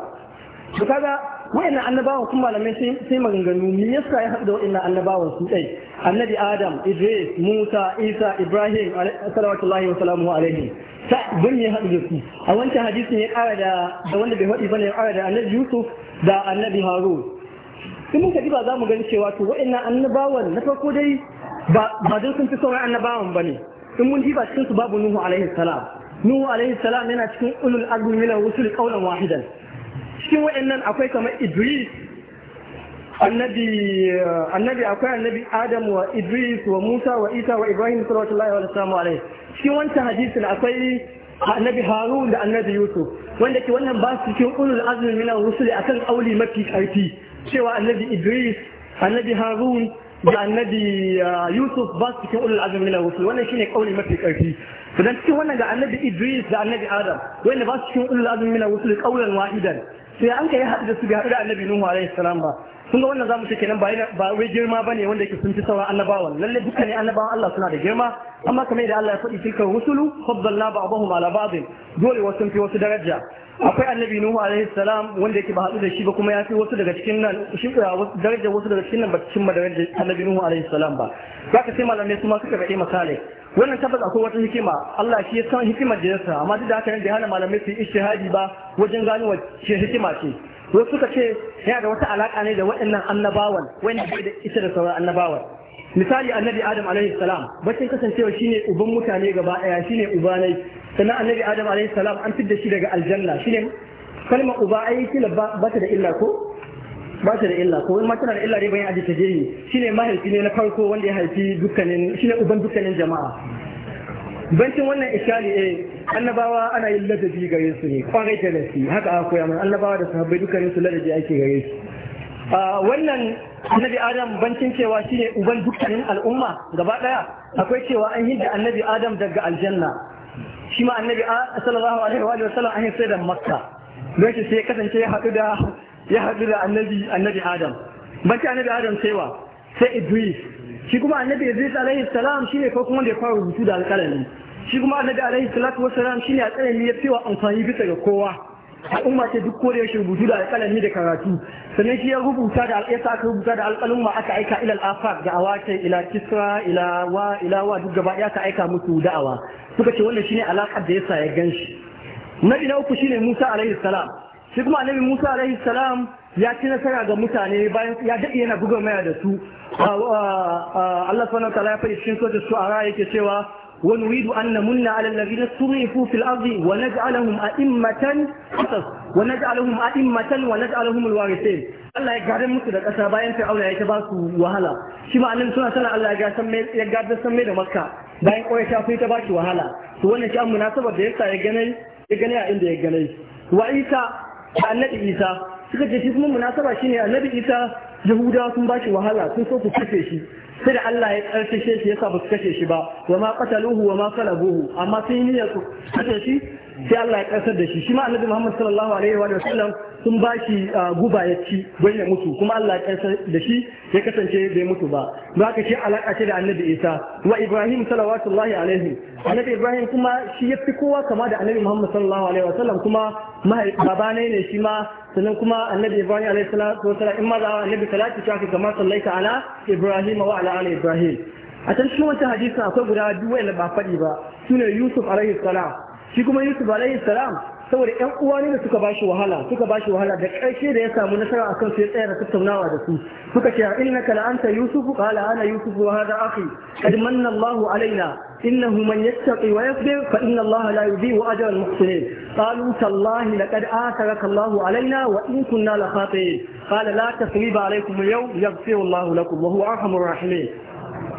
to kaga wa'annan annabawan kuma malamai sai maganganu me yasa ya haɗu da wa'annan annabawan su dai annabi adam idris musa isa ibrahim salawatullahi wa salamu alaihi ta bin ya haɗu da su a wancan hadisin ya ƙara da wanda bai haɗu bane ya ƙara da annabi yusuf da annabi harun in muka ba za mu gani cewa to wa'annan annabawan na farko dai ba don sun fi sauran annabawan ba ne in mun diba cikin su babu nuhu alaihi salam نو عليه السلام من أتكون أولو الأرض من الوصول قولا واحدا شكين وإنن أقوي كما إبريس النبي النبي أقوي النبي آدم وإدريس وموسى وإيسى وإبراهيم صلى الله عليه وسلم عليه شكين وانت حديث أقوي النبي هارون النبي يوسف وانك وانا باس شكين أولو الأرض من الوصول أكل أولي مكي كارتي شكين النبي إبريس النبي هارون النبي آه، يوسف باس شكين أولو الأرض من الوصول وانا شكين أولي مكي كارتي to dan cikin wannan ga annabi Idris da annabi Adam wanda ba su cikin ulul azmi min rusul qawlan wahidan sai an kai haɗu da su ga haɗu da annabi Nuhu alaihi salam ba kun ga wannan zamu ce kenan ba ba wai girma bane wanda yake sun fi sauran annabawan lalle dukkan annabawan Allah suna da girma amma kamar da Allah ya faɗi tilka rusulu faddalna ba'dahum ala ba'd dole wasu fi wasu daraja akwai annabi Nuhu alaihi salam wanda yake ba haɗu da shi ba kuma ya fi wasu daga cikin nan shi daraja wasu daga cikin nan ba cikin madarajar annabi Nuhu alaihi salam ba zaka sai malamai su ma suka faɗi misali wannan tabbas akwai wata hikima Allah shi ya san hikimar da yasa amma duk da haka da hana malamai su yi ishtihadi ba wajen gano wace hikima ce wasu suka ce yana da wata alaka ne da waɗannan annabawan wanda bai da ita da sauran annabawan misali annabi adam alaihi salam bacin kasancewa shine uban mutane gaba daya shine ubanai sannan annabi adam alaihi salam an fidda shi daga aljanna shine kalmar uba ai kila bata da illa ko ba ta da illa ko in ma tana da illa ne bayan aji ta jiri shine mahaifi ne na farko wanda ya haifi dukkanin shine uban dukkanin jama'a bancin wannan ishari eh annabawa ana yin ladabi gare su ne kwarai da nasi haka aka koya mana annabawa da sahabbai dukkanin su ladabi ake gare su wannan annabi adam bancin cewa shine uban dukkanin al'umma gaba daya akwai cewa an hidda annabi adam daga aljanna shi ma annabi sallallahu alaihi wa sallam an sai da makka don shi sai kasance ya haɗu da ya haɗu da annabi annabi adam baki annabi adam sai wa sai idris shi kuma annabi idris alaihi salam shine ko kuma da ya fara rubutu da alƙalami shi kuma annabi alaihi salatu wassalam shine alƙalami ya fi wa amfani bisa ga kowa al'umma ce duk kore shi rubutu da alƙalami da karatu sannan shi ya rubuta da alƙasa aka rubuta da alƙalin aka aika ilal afaq da awakai ila kisra ila wa ila wa duk gaba ya ka aika musu da'awa suka ce wannan shine alaƙar da yasa ya ganshi nabi na uku shine musa alaihi salam shi kuma annabi musa alaihi salam ya ci nasara ga mutane bayan ya daɗe yana buga maya da su Allah subhanahu wa ta'ala ya faɗi cikin sura su'ara yake cewa wa nuridu an namunna ala alladhina surifu fil ardi wa naj'alahum a'immatan wa naj'alahum a'immatan wa naj'alahum alwarithin Allah ya gadar musu da ƙasa bayan aure ya ta ba su wahala shi ma annabi suna sanar Allah ya san gadar san mai da Makka bayan ƙoyar ta ta ba shi wahala to wannan shi an munasabar da yasa ya ganai ya ganai a inda ya ganai wa Isa da annabi isa suka ce shi kuma munasaba shine annabi isa yahudawa sun bashi wahala sun so su kashe shi sai da Allah ya karfe shi yasa ba su kashe shi ba wa ma qataluhu wa ma salabuhu amma sun yi niyyar su kashe shi sai Allah ya kasar da shi shi ma annabi Muhammad sallallahu alaihi wa sallam sun ba shi guba ya ci don ya mutu kuma Allah ya kasar da shi ya kasance bai mutu ba don haka shi alaka ce da annabi Isa wa Ibrahim sallallahu alaihi annabi Ibrahim kuma shi ya fi kowa kama da annabi Muhammad sallallahu alaihi wa sallam kuma baba ne ne shi ma sannan kuma annabi Ibrahim alaihi salatu wa sallam in ma za annabi salatu ta kamar sallaita ala Ibrahim wa ala ali Ibrahim a can cikin wancan hadisin akwai guda biyu da ba faɗi ba Su ne Yusuf alaihi salam shi kuma yusuf alaihi salam saboda yan uwa ne da suka bashi wahala suka bashi wahala da ƙarshe da ya samu nasara akan su ya tsaya da tattaunawa da su suka ce innaka la anta yusufu qala ana yusufu wa hadha akhi qad manna Allahu alaina innahu man yattaqi wa yasbir fa inna Allaha la yudhi'u ajra al muhsinin qalu tallahi laqad atharaka Allahu alaina wa in kunna la khati'in qala la tasriba alaykum al yawm yaghfiru Allahu lakum wa huwa arhamur rahimin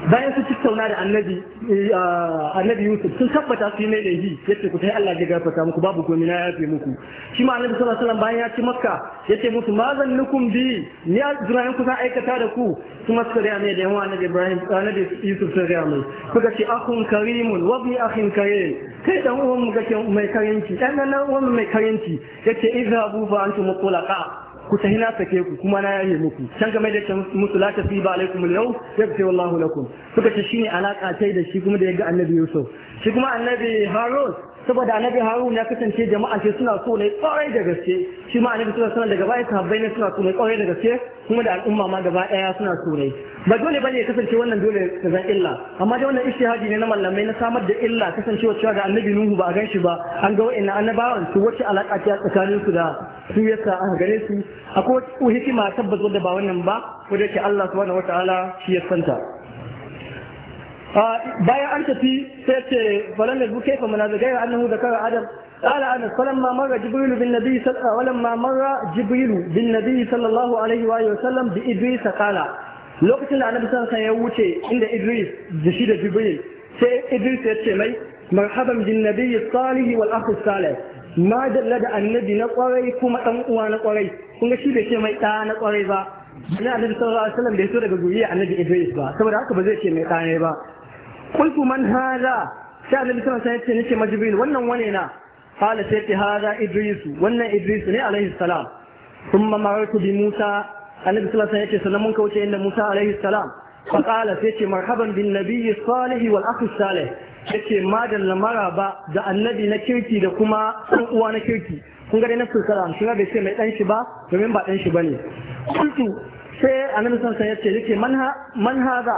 bayan su tattauna da annabi eh, ah, annabi Yusuf sun tabbata su yi mai laifi yace ku tai Allah ya gafarta muku babu komai na yafe muku shi ma annabi sallallahu alaihi wasallam bayan ya ci makka yace musu ma zannukum bi ni azrayin ku za aikata da ku su suka ne da yawa annabi Ibrahim annabi Yusuf sun ga mai kuka ce akhun karimun wa bi akhin karim kai dan uwan mu kake mai karinci dan nan uwan mai karinci yace idhabu fa antum mutlaqa ku tahi na sake ku kuma na yaye muku can game da musu la tafi ba alaikum al-yau yabti wallahu lakum suka ce shine alaka tai da shi kuma da yaga annabi Yusuf shi kuma annabi Harun saboda annabi haruna ya kasance jama'a ce suna so ne kwarai da gaske shi ma annabi suna sanar daga baya sahabbai ne suna so ne kwarai da gaske kuma da al'umma ma gaba daya suna so ne ba dole bane ya kasance wannan dole ta zan illa amma da wannan ishtihadi ne na mallamai na samar da illa kasancewa cewa da annabi nuhu ba a ganshi ba an ga wa'annan annabawan su wacce alaka ta tsakanin su da su yasa aka gane su akwai hikima tabbas da ba wannan ba ko da ke Allah subhanahu wataala shi ya santa bayan an tafi sai ce falan da buke fa mana zagaya annahu zakara adam qala anas falamma marra jibril bin nabi sallallahu falamma marra jibril bin nabi sallallahu alaihi wa sallam bi idris qala lokacin da annabi sallallahu ya wuce inda idris da shi da jibril sai idris ya ce mai marhaban bin nabi salih wal akh salih ma dalla da annabi na kwarai kuma dan uwa na kwarai kun ga shi bai ce mai da na kwarai ba na da sallallahu alaihi wasallam bai so daga guriya annabi idris ba saboda haka ba zai ce mai ɗane ba Kulfu man hadha sai annabi sallallahu alaihi wasallam ya ce majibin wannan wane na qala sai ce hadha idris wannan idris ne alaihi salam thumma marartu musa annabi sallallahu alaihi wasallam ya ce sannan mun kauce inda musa alaihi salam fa qala ce marhaban bin nabiyyi salih wal akhi salih yace madalla maraba da annabi na kirki da kuma ɗan na kirki kun ga dai na fulkara bai ce mai ɗan shi ba domin ba ɗan shi bane kultu sai annabi sallallahu alaihi wasallam yace ce manha manhaza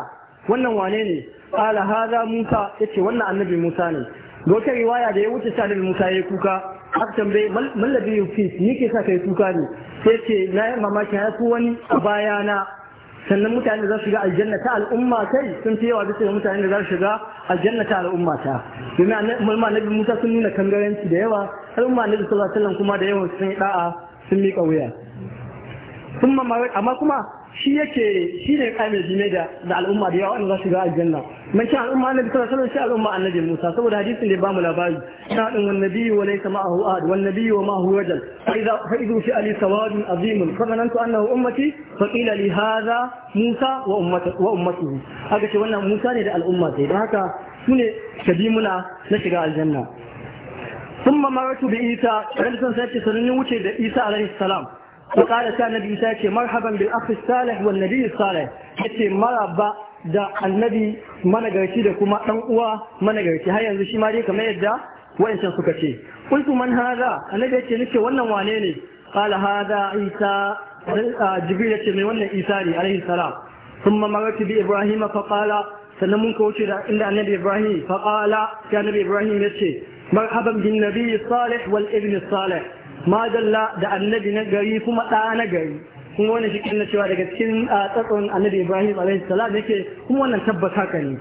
wannan wane ne qala hadha musa ce wannan annabi musa ne wata riwaya da ya wuce sa annabi musa yi kuka aka tambaye mallabi yufi ni ke sa kai kuka ne sai ce na yi mamaki ya fi wani a bayana sannan mutane da za su shiga aljanna ta al'umma kai sun fi yawa bisa da mutane da za su shiga aljanna ta al'umma ta domin annabi musa sun nuna kangaranci da yawa al'umma annabi sallallahu alaihi wasallam kuma da yawan sun yi da'a sun miƙa wuya amma kuma shi yake shi ne kame jime da al'umma da yawa wanda za su ga aljanna man sha al'umma annabi sallallahu alaihi wasallam shi al'umma annabi Musa saboda hadisin da ba mu labari ta din wan nabiyyu wa laysa ma'ahu ahad wan nabi wa huwa rajul fa idha fa idza fi ali sawad azim fa manantu annahu ummati fa qila li hadha Musa wa ummati wa ummatuhu haka ce wannan Musa ne da al'umma sai dan haka sune kadimuna na shiga aljanna ثم مررت بعيسى رجل سنة wuce وجه Isa عليه السلام yace النبي يساك مرحبا بالأخ الصالح والنبي الصالح يتي maraba da annabi managarci da kuma ɗan uwa managarci har yanzu shi ma dai kamar yadda wa'ancan suka ce kuntu man hada annabi yace nake wannan wane ne qala hada isa jibril yace mai wannan isa ne alaihi salam thumma marati bi ibrahim fa qala sannan mun kauce da inda annabi ibrahim fa qala ya annabi ibrahim yace marhaban bin nabiy salih wal ibn salih madalla da annabi na gari kuma ɗa na gari kuma wani shi na cewa daga cikin ah, tsatson annabi ibrahim alaihi salam yake kuma wannan tabbata ka ne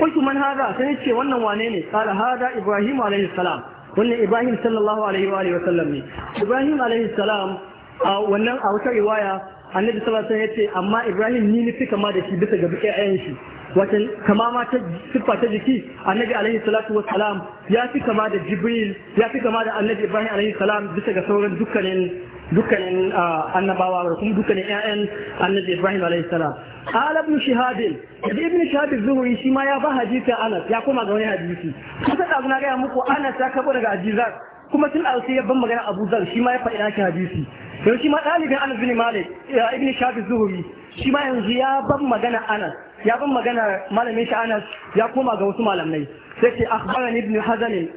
kuntu man hada sai ce wannan wane ne kala hada ibrahim alaihi salam wannan ibrahim sallallahu alaihi wa alihi wasallam ne ibrahim alaihi salam a ah, wannan a wata riwaya annabi sallallahu alaihi wasallam ce amma ibrahim ni nufi kama da shi bisa ga bi'ayen shi wata kama ma ta siffa ta jiki annabi alaihi salatu wa salam ya fi kama da jibril ya fi kama da annabi ibrahim alaihi salam bisa ga sauran dukkanin dukkanin annabawa da kuma dukkanin ƴaƴan annabi ibrahim alaihi salam ala ibn shihab da ibn shihab zuhuri shi ma ya ba hadisi anas ya koma ga wani hadisi kusa da na ga muku anas ya kabo daga ajizar kuma tun a sai ban magana abu zar shi ma ya faɗi naki hadisi yau shi ma ɗalibin anas bin malik ibn shihab zuhuri shi ma yanzu ya ban magana anas ya bin magana malamin shi Anas ya koma ga wasu malamai sai ce akhbarani ibn Hazm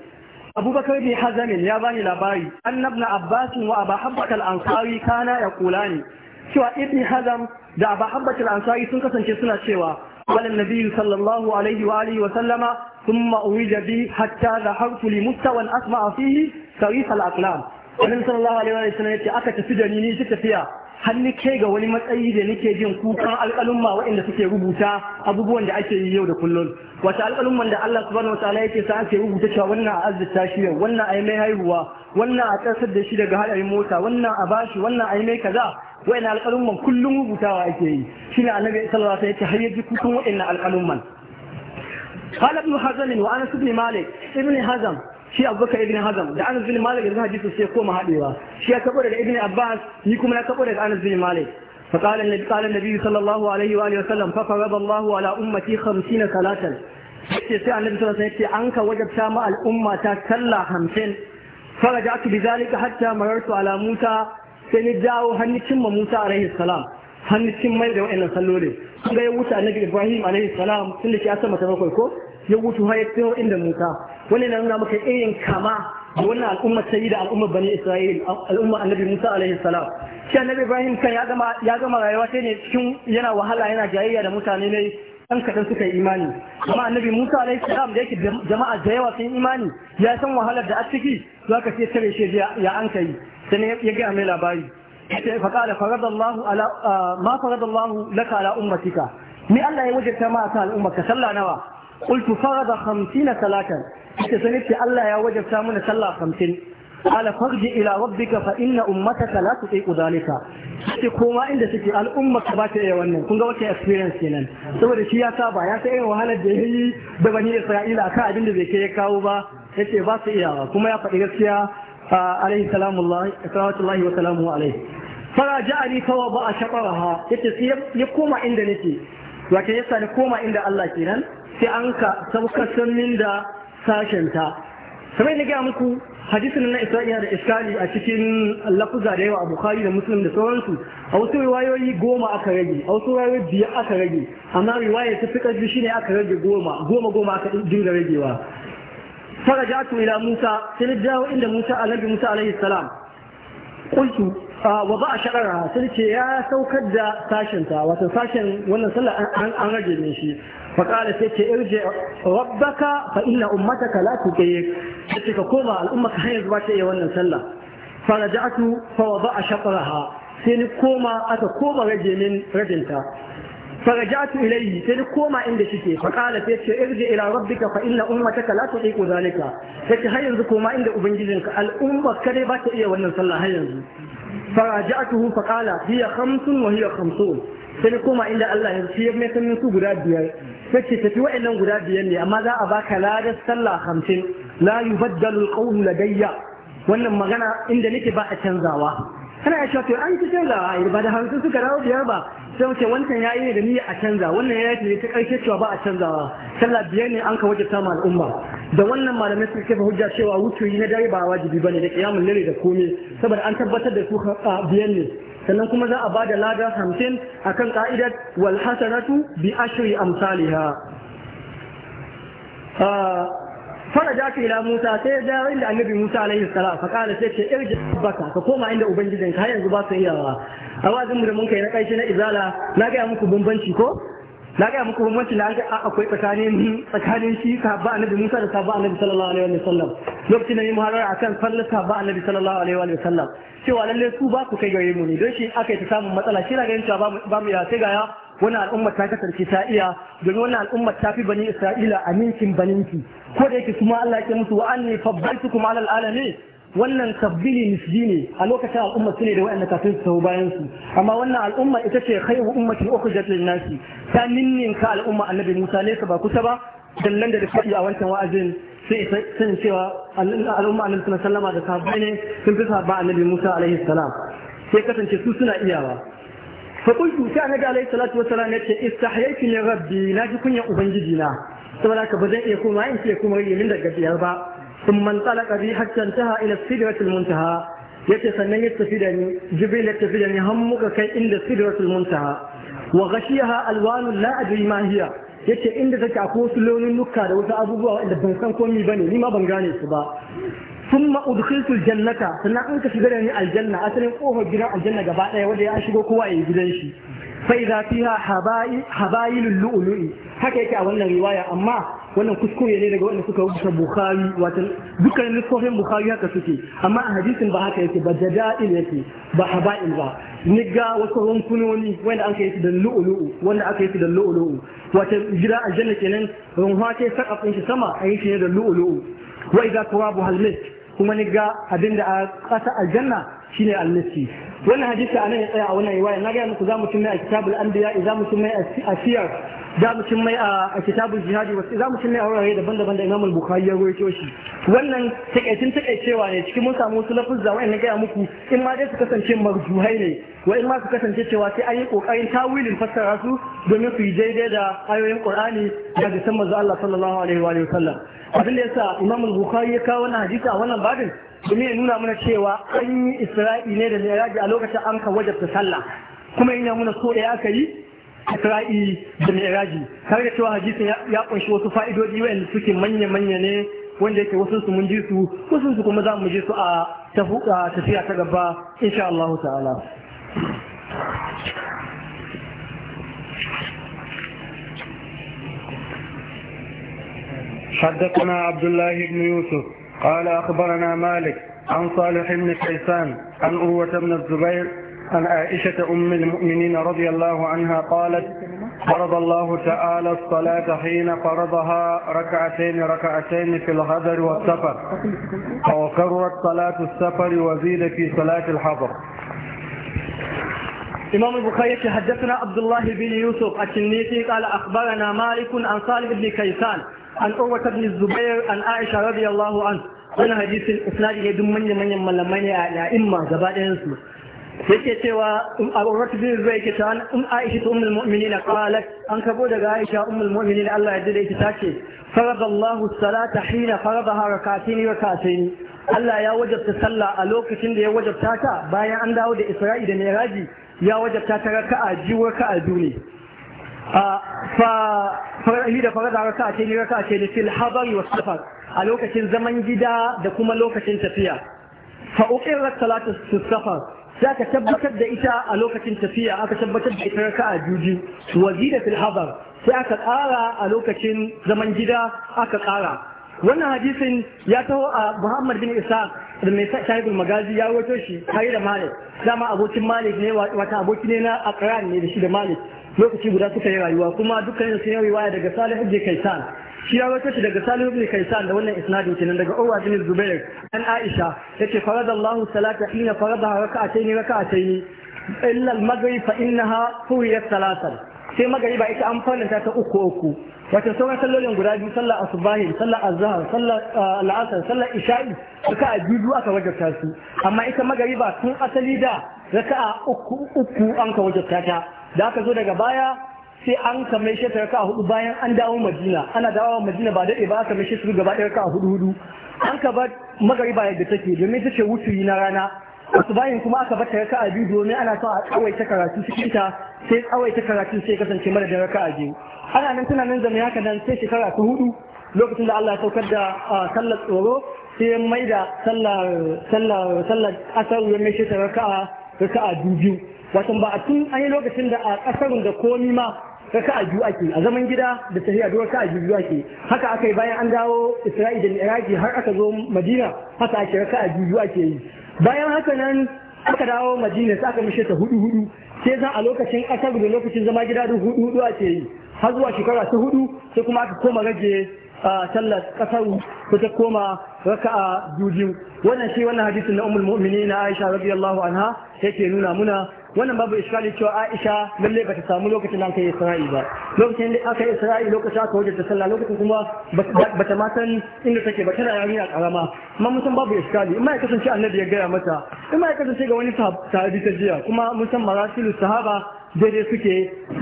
Abubakar bin Hazm ya bani labari annabna Abbas wa Abu Habbat al-Ansari kana yaqulani cewa ibn Hazm da Abu Habbat ansari sun kasance suna cewa wal nabi sallallahu alaihi wa alihi wa sallama thumma urija bi hatta dhahabtu li mustawan asma'a fihi sarif al-aqlam Annabi sallallahu alaihi wa sallam ce aka tafi da ni ni tafiya har nike ga wani matsayi da nike jin kukan alƙalumma waɗanda suke rubuta abubuwan da ake yi yau da kullum wata alƙalumman da Allah subhanahu wataala yake sa ake rubuta cewa wannan a azzata shi yau wannan a yi mai haihuwa wannan a ƙasar da shi daga haɗarin mota wannan a bashi wannan a yi mai kaza waɗannan alƙalumman kullum rubutawa ake yi shine annabi sallallahu alaihi wasallam yake har ya ji kukan waɗannan alƙalumman قال ابن حزم وانس بن مالك ابن حزم shi abubakar ibn hazam da anas bin malik yanzu hadisin sai koma hadewa shi ya kabo daga ibn abbas ni kuma na kabo daga anas bin malik فقال النبي sallallahu alaihi صلى الله عليه واله وسلم ففرض الله على امتي 50 صلاه yace sai annabi sallallahu alaihi wasallam an ka wajabta ma al'umma ta sallah 50 faraja'tu bidhalika hatta marartu ala Musa sai ni dawo hannu cimma Musa alaihi salam hannu cin mai da wa'annan sallolin kun ga ya wuce annabi Ibrahim alaihi salam tun da ke asama ta bakwai ko ya wuce har ya tsiro inda Musa wani na nuna maka irin kama da wannan al'ummar ta yi da al'ummar bani Isra'il al'ummar annabi Musa alaihi salam shi annabi Ibrahim kan ya gama rayuwa sai ne cikin yana wahala yana jayayya da mutane ne ɗan kaɗan suka yi imani amma annabi Musa alaihi salam da yake jama'a da yawa sun imani ya san wahalar da a ciki za ka ce tare shi ya an kai sai ya ga mai labari فقال فرض الله على ما فرض الله لك على امتك ni Allah ya wajabta ma akan al'umma ka nawa qultu farada 50 salatan ita sai ce Allah ya wajabta mana sallah 50 qala farji ila rabbika fa inna ummataka la tuqiqu dhalika sai koma inda suke al'ummaka ba ta yi wannan kun ga wata experience kenan saboda shi ya saba ya sa irin wahalar da yayi da bani Isra'ila kan abin da bai kai kawo ba yace ba su iyawa kuma ya faɗi gaskiya alaihi salamullahi salawatullahi wa salamu alaihi فرجعني فوضع شطرها يتسير يقوم عند نتي وكي يسأل يقوم عند الله كينا sai an ka saukar da sashenta kamar da gaya muku hadisin na isra'iya da iskali a cikin lafuza da yawa a bukhari da muslim da sauransu a wasu riwayoyi goma aka rage a wasu riwayoyi biyar aka rage amma riwayar ta fi ƙarfi shine aka rage goma goma goma aka dinga ragewa farajatu ila musa sai dawo inda musa alaihi musa alaihi salam qultu wa ba a shakara sun ce ya saukar da sashinta wata sashen wannan sallah an rage min shi faƙala sai ce irje rabbaka fa inna ummataka la tuqayyik sai ka koma al'ummaka har yanzu ba ta yi wannan sallah fa fa wa ba a sai ni koma aka koma rage min rajinta فرجعت إليه تلكوما عند شكي فقال تيتش ارجع إلى ربك فإن أمتك لا تطيق ذلك تيتش هاي ينزكوما عند أبنجزنك الأمة كذبت إيا ونن صلى هاي ينزل فرجعته فقال هي خمس وهي خمسون sai koma inda Allah ya ci mai sanin su guda biyar sai tafi wa'annan guda biyar ne amma za a baka ladar sallah hamsin la yubaddalu alqawlu ladayya wannan magana inda nake ba a canzawa kana ya cewa to an ci canza ba da hamsin suka dawo biyar ba sai wace wancan ya yi da niyya a canza wannan ya yi ta karshe cewa ba a canzawa sallah biyar ne an ka wajen ta al'umma da wannan malamai suka kafa hujja cewa yi na dare ba wajibi ba ne, da kiyamun laili da komai saboda an tabbatar da su biyar ne sannan kuma za a ba da lada hamsin a kan ƙa'idar walhasanatu bi ashiri amsaliha فرجعت إلى موسى سيدا عند النبي موسى عليه السلام فقال سيدك ارجع ربك فقوم عند ka, هيا زباط إياها أوازم من منك إذا a إزالة mu da mun kai na gaya muku bambanci da aka akwai tsakanin tsakanin shi ba annabi Musa da sahabba annabi sallallahu alaihi wa sallam lokacin da yi muharrar akan fallar sahabba annabi sallallahu alaihi wa sallam cewa lalle su ba ku kai gare mu ne don shi aka yi ta samun matsala shi na ganin cewa ba mu ya sai gaya Wani al'umma ta kasance ta iya domin wani al'umma ta fi bani isra'ila aminkin baninki ko da yake kuma Allah ya musu wa anni fabbaitu alal alamin wannan tabbili nisbi ne a lokacin al'umma su ne da wa'anda kafin su bayan su amma wannan al'umma ita ce khairu ummatin ukhrijat lin nasi ta ninninka al'umma annabi Musa ne ba kusa ba dallan da da a wancan wa'azin sai sun cewa al'umma annabi sallallahu alaihi wasallam da sahabbai ne sun fi sahabba annabi Musa alaihi salam sai kasance su suna iyawa fakultu sai annabi alaihi salatu wasalam ya ce istahyaitu li rabbi na ji kunya ubangiji na saboda ka ba zan iya koma in ce kuma rage min daga biyar ba sun man talaka bi hatta taha ila sidratul muntaha yace sannan ya tafi da ni jibril ya tafi da ni har muka kai inda sidratul muntaha wa ghashiyaha alwanu la adri ma hiya yace inda take akwai wasu launin nuka da wasu abubuwa wanda ban san komi komai ne ni ma ban gane su ba jannata, an ka ثم أدخلت الجنة سنة أنك شغلني الجنة أسلم أوه جنا الجنة قبائل ودي أشغل كواي جدنشي فإذا فيها حبائل, حبائل اللؤلؤ haka yake a wannan riwaya amma wannan kuskure ne daga wanda suka rubuta bukhari wato dukkan nufofin bukhari haka suke amma a hadisin ba haka yake ba jada'il yake ba haba'il ba niga wasu rumfunoni wanda aka yi su da lu'ulu'u wanda aka yi su da lu'ulu'u wato gida aljanna kenan rumfa ce sakafin shi sama a yi shi ne da lu'ulu'u wa idza turabu halmist kuma ni ga abin da a ƙasa aljanna shine annasi wannan hadisi anan ya tsaya a wannan riwaya na ga muku za mu cin a kitabul anbiya za mu cin a siyar za mu cin a kitabul jihad wasu za mu cin a wurare daban-daban da imamul bukhari ya rawaito shi wannan takaicin takaicewa ne cikin mun samu wasu lafuzza wa'annan gaya muku in ma dai su kasance marjuhai ne wa in ma su kasance cewa sai an yi kokarin tawilin fassara su domin su yi daidai da ayoyin qur'ani da hadisan manzo Allah sallallahu alaihi wa sallam abin da ya sa imamul bukhari ya kawo wannan hadisi a wannan babin domin ya nuna mana cewa an yi isra'i ne da mi'raji a lokacin an ka wajabta sallah kuma yana muna so ɗaya aka yi isra'i da mi'raji har da cewa hadisin ya kunshi wasu fa'idodi wanda suke manya-manya ne wanda yake wasu su mun ji su wasu su kuma za mu ji su a tafiya ta gaba insha Allah ta'ala حدثنا عبد الله بن يوسف قال أخبرنا مالك عن صالح بن كيسان عن أروة بن الزبير عن عائشة أم المؤمنين رضي الله عنها قالت فرض الله تعالى الصلاة حين فرضها ركعتين ركعتين في الغدر والسفر وكررت صلاة السفر وزيد في صلاة الحضر إمام البخاري حدثنا عبد الله بن يوسف التنيسي قال أخبرنا مالك عن صالح بن كيسان an urwata bin zubair an aisha radiyallahu an wani hadisin isnadi ne duk manyan manyan malamai ne a la'imma gaba ɗayan su yake cewa a urwata bin zubair yake cewa in aisha ta ummul mu'minin qalat an kabo daga aisha ummul mu'minin Allah ya dade ki tace faradallahu salata hina faradaha rak'atayn rak'atayn Allah ya wajabta sallah a lokacin da ya wajabta ta bayan an dawo da Isra'i da Miraji ya wajabta ta raka'a jiwa raka'a biyu farahi da farada raka ce ne raka ce da fil habari wa safar a lokacin zaman gida da kuma lokacin tafiya fa uqirat salatu safar sai aka tabbatar da ita a lokacin tafiya aka tabbatar da ita raka a juji wa zida fil habar sai aka ƙara a lokacin zaman gida aka ƙara wannan hadisin ya taho a muhammad bin isa da mai shahidul magazi ya wato shi tare da malik dama abokin malik ne wata aboki ne na akran ne da shi da malik lokaci guda suka yi rayuwa kuma dukkanin sun yi riwaya daga Salih ibn Kaisan shi ya rawaito daga Salih ibn Kaisan da wannan isnadin kenan daga Urwa bin Zubair an Aisha yace faradallahu salata hina faradaha raka'atayn raka'atayn illa al-maghrib fa innaha furiyat salatan sai ba ita an farlanta ta uku uku wato sauran sallolin guda biyu sallar asubahi sallar azhar sallar ah, al'asar sallar isha'i duka a biyu aka wajabta su amma ita ba tun asali da raka'a uku uku an ka wajabta ta da aka zo daga baya sai an kame shi ta raka hudu bayan an dawo madina ana dawo a madina ba daɗe ba aka shi gaba ɗaya raka hudu hudu an ka bar magariba yadda take domin ta ce wuturi na rana wasu bayan kuma aka bar ta raka a biyu domin ana son a tsawaita karatu cikin ta sai tsawaita karatu sai kasance mara da raka a biyu ana nan tana nan zama haka nan sai shekara ta hudu lokacin da Allah ya saukar da sallar tsoro sai ya maida sallar asar ya mai shi ta raka a biyu watan ba a tun an yi lokacin da a ƙasarun da komi ma raka'a biyu ake a zaman gida da tafiya duk raka'a biyu ake haka aka yi bayan an dawo Isra'ila da Iraki har aka zo Madina haka ake raka'a biyu ke yi bayan haka nan aka dawo Madina sai aka mishe ta hudu hudu sai zan a lokacin kasar da lokacin zama gida duk hudu hudu ake yi har zuwa shekara ta hudu sai kuma aka koma rage sallar kasar ko ta koma raka'a biyu wannan shi wannan hadisin na ummul mu'minin Aisha radiyallahu anha yake nuna muna wannan babu iskali cewa Aisha lalle ba ta samu lokacin da aka yi Isra'i ba lokacin da aka yi Isra'i lokacin aka wajen ta sallah lokacin kuma bata ma san inda take ba tana yarinya karama amma mun babu iskali in ma ya kasance annabi ya gaya mata in ma ya kasance ga wani sahabi ta jiya kuma mun marasilu sahaba daidai suke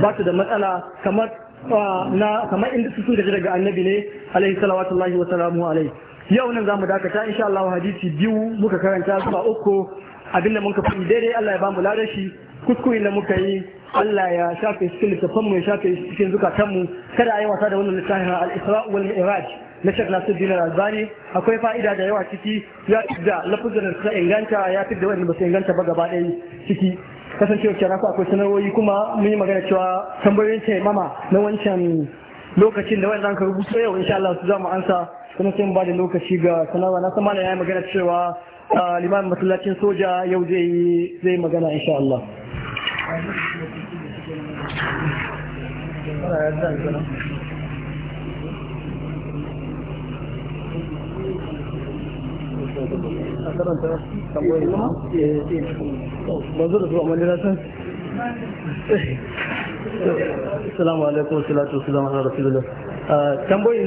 ba su da matsala kamar ah, na kamar inda su sun gaji daga annabi ne alaihi salawatullahi wa salamu alaihi yau nan za mu dakata insha Allah hadisi biyu muka karanta zuwa uku abinda mun ka faɗi daidai Allah ya ba mu ladan shi kuskure da muka yi Allah ya shafe cikin littafan mu ya shafe cikin zukatan mu kada a wasa da wannan littafin al-Isra wal Mi'raj na Sheikh Nasiruddin Al-Albani akwai fa'ida da yawa ciki ya da lafuzan da inganta ya da wanda ba su inganta ba gaba ɗaya ciki kasancewar kira ku akwai sanarwoyi kuma mun yi magana cewa tambayoyin ce mama na wancan lokacin da wannan ka rubuto yau insha Allah su za mu ansa kuma sai mu ba lokaci ga sanarwa na san malam ya yi magana cewa liman masallacin soja yau zai yi magana insha Allah Assalamu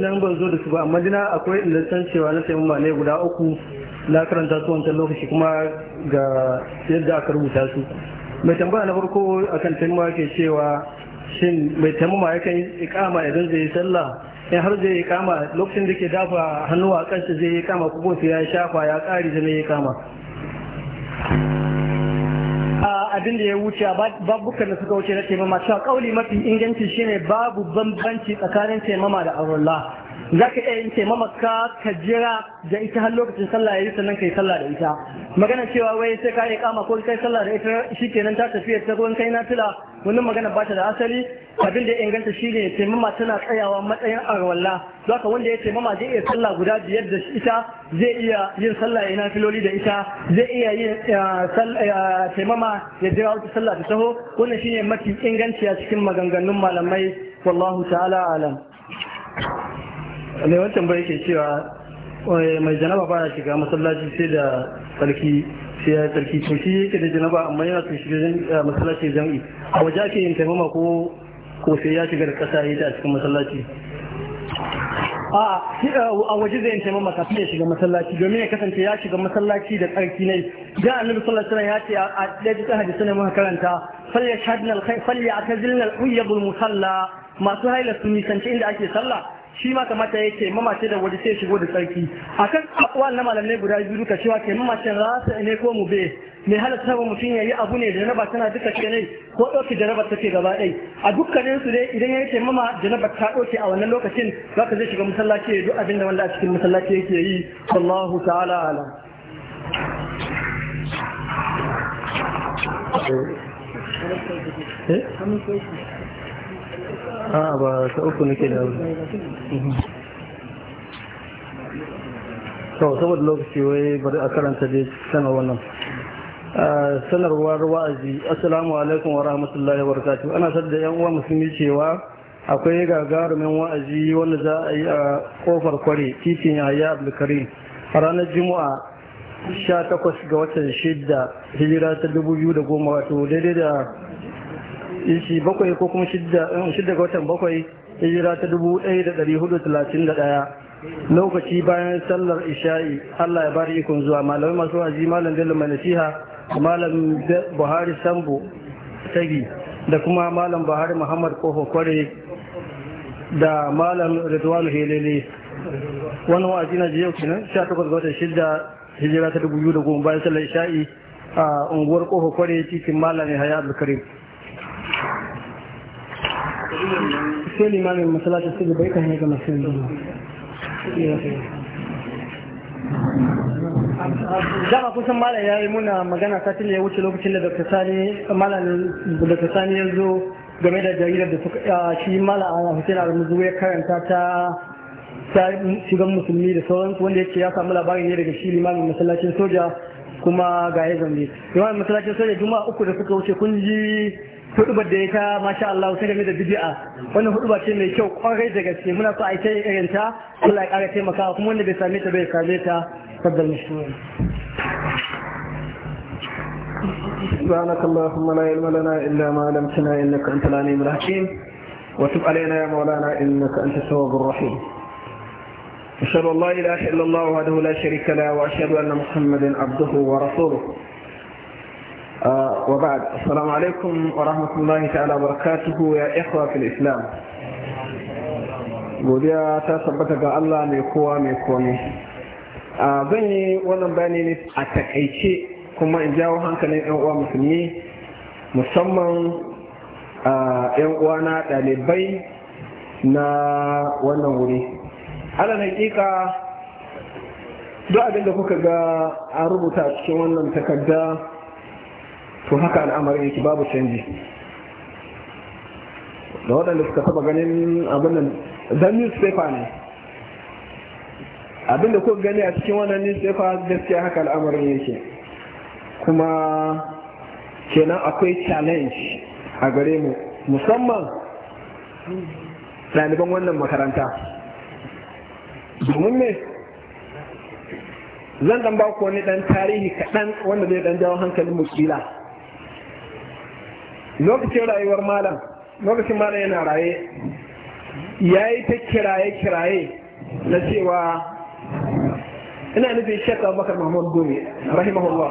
nan ban zo da su ba amma dina akwai inda cewa na ne guda uku na karanta su wancan lokaci kuma ga yadda aka rubuta su mai tambaya na farko akan taimama ke cewa shin mai taimama ya kan ikama idan zai yi sallah in har zai ikama lokacin da ke dafa hannu a kansa zai yi kama ko ya shafa ya kari zai yi kama abin da ya wuce kan da suka wuce na taimama cewa kauli mafi inganci shine babu bambanci tsakanin taimama da arullah za ka iya yin taimamaka ka jira da ita har lokacin sallah yi sannan ka yi sallah da ita magana cewa wai sai ka yi kama ko kai sallah da ita shi kenan ta tafiya ta ruwan kai na nafila wannan magana ba ta da asali abin da ya inganta shine taimama tana tsayawa matsayin arwalla zaka wanda ya taimama zai iya sallah guda biyar da ita zai iya yin sallah yayi filoli da ita zai iya yin eh, eh, taimama ya jira wata sallah ta taho wannan shi ne mafi inganci a cikin maganganun malamai wallahu ta'ala alam mai wancan bai ke cewa mai janaba ba ya shiga masallaci sai da sarki sai ya sarki to shi yake da janaba amma yana to shiga eh, masallacin jam'i a waje ake yin taimama ko ko sai ya shiga da kasa ya ta a cikin masallaci eh, a waje zai yanke mamaka sai ya shiga masallaci domin ya kasance ya shiga masallaci da tsarki ne da annabi sallallahu alaihi ya ce a ɗaya ta hadisi ne mun karanta falyashhadnal yashhadna al-khayr musalla masu haila su nisanci inda ake sallah shi ma kamata ya ke mamace da waje sai shigo da tsarki a kan akwal na malamai guda biyu duka cewa ke mamacin rasa ne ko mu be mai halatta ba mutum ya yi abu ne da janaba tana duka ke ne ko ɗauki da janaba take gaba ɗai a dukkanin su dai idan ya ce mama da janaba ta ɗauke a wannan lokacin za ka zai shiga masallaci ya duk abin da wanda a cikin masallaci yake yi wallahu ta'ala ala eh a ba ta uku nake da to saboda lokaci wai bari a karanta dai sanar wannan sanarwar wa'azi assalamu alaikum wa rahmatullahi wa barakatuh ana sadda yan uwa musulmi cewa akwai gagarumin wa'azi wanda za a yi a kofar kware titin yahaya abdulkarim a ranar juma'a 18 ga watan 6 hijira ta 2010 wato daidai da ishi bakwai ko kuma eh, shidda ga watan bakwai hijira ta dubu ɗaya da ɗari hudu talatin da ɗaya lokaci bayan sallar isha'i allah ya bari ikon zuwa malamai masu wazi malam bello mai nasiha malam buhari sambo tagi da kuma malam buhari muhammad kofo kware da malam ridwanu helele wani wazi na jiya kenan sha takwas ga watan shidda hijira ta dubu biyu da goma bayan sallar isha'i a unguwar kofo kware cikin malam ya haya abdulkarim sai limamin masalata su da baika ne ga masu yanzu dama kusan malam ya yi muna magana satin ya wuce lokacin da dr sani malam dr sani ya zo game da jaridar da suka shi malam hussein al-muzu ya karanta ta shigan musulmi da sauransu wanda ya ce ya samu labarin ne daga shi limamin masallacin soja kuma ga ya zambe limamin masallacin soja juma'a uku da suka wuce kun ji hudubar da ya ta masha Allah ta game da bid'a wannan huduba ce mai kyau kwarai da gaske muna so a yi ta irin ta Allah ya kara taimakawa kuma wanda bai same ta bai same ta sabbin mashhur سبحانك اللهم لا علم لنا إلا ما علمتنا إنك أنت العليم الحكيم وتب علينا يا مولانا إنك أنت التواب الرحيم أشهد أن لا إله إلا الله وحده لا شريك له وأشهد أن محمدا عبده ورسوله وبعد السلام عليكم ورحمة الله تعالى وبركاته يا إخوة في الإسلام godiya ta tabbata ga Allah mai kowa mai komi a zan yi wannan bayani ne a takaice kuma in jawo hankalin yan uwa musulmi musamman yan uwa na ɗalibai na wannan wuri ala hakika duk abinda kuka ga a rubuta cikin wannan takarda to haka al'amarin yake babu canji da waɗanda suka taba ganin abinnan zan newspaper ne abinda kuka gani a cikin wannan newspaper gaskiya haka al'amarin yake kuma kenan akwai challenge a gare mu musamman ɗaliban wannan makaranta domin ne zan ɗan ba ku wani ɗan tarihi kaɗan wanda zai ɗan jawo hankalin mu lokacin rayuwar malam lokacin malam yana raye ya yi ta kiraye-kiraye na cewa ina nufin shekar bakar mahmud gome rahimahullah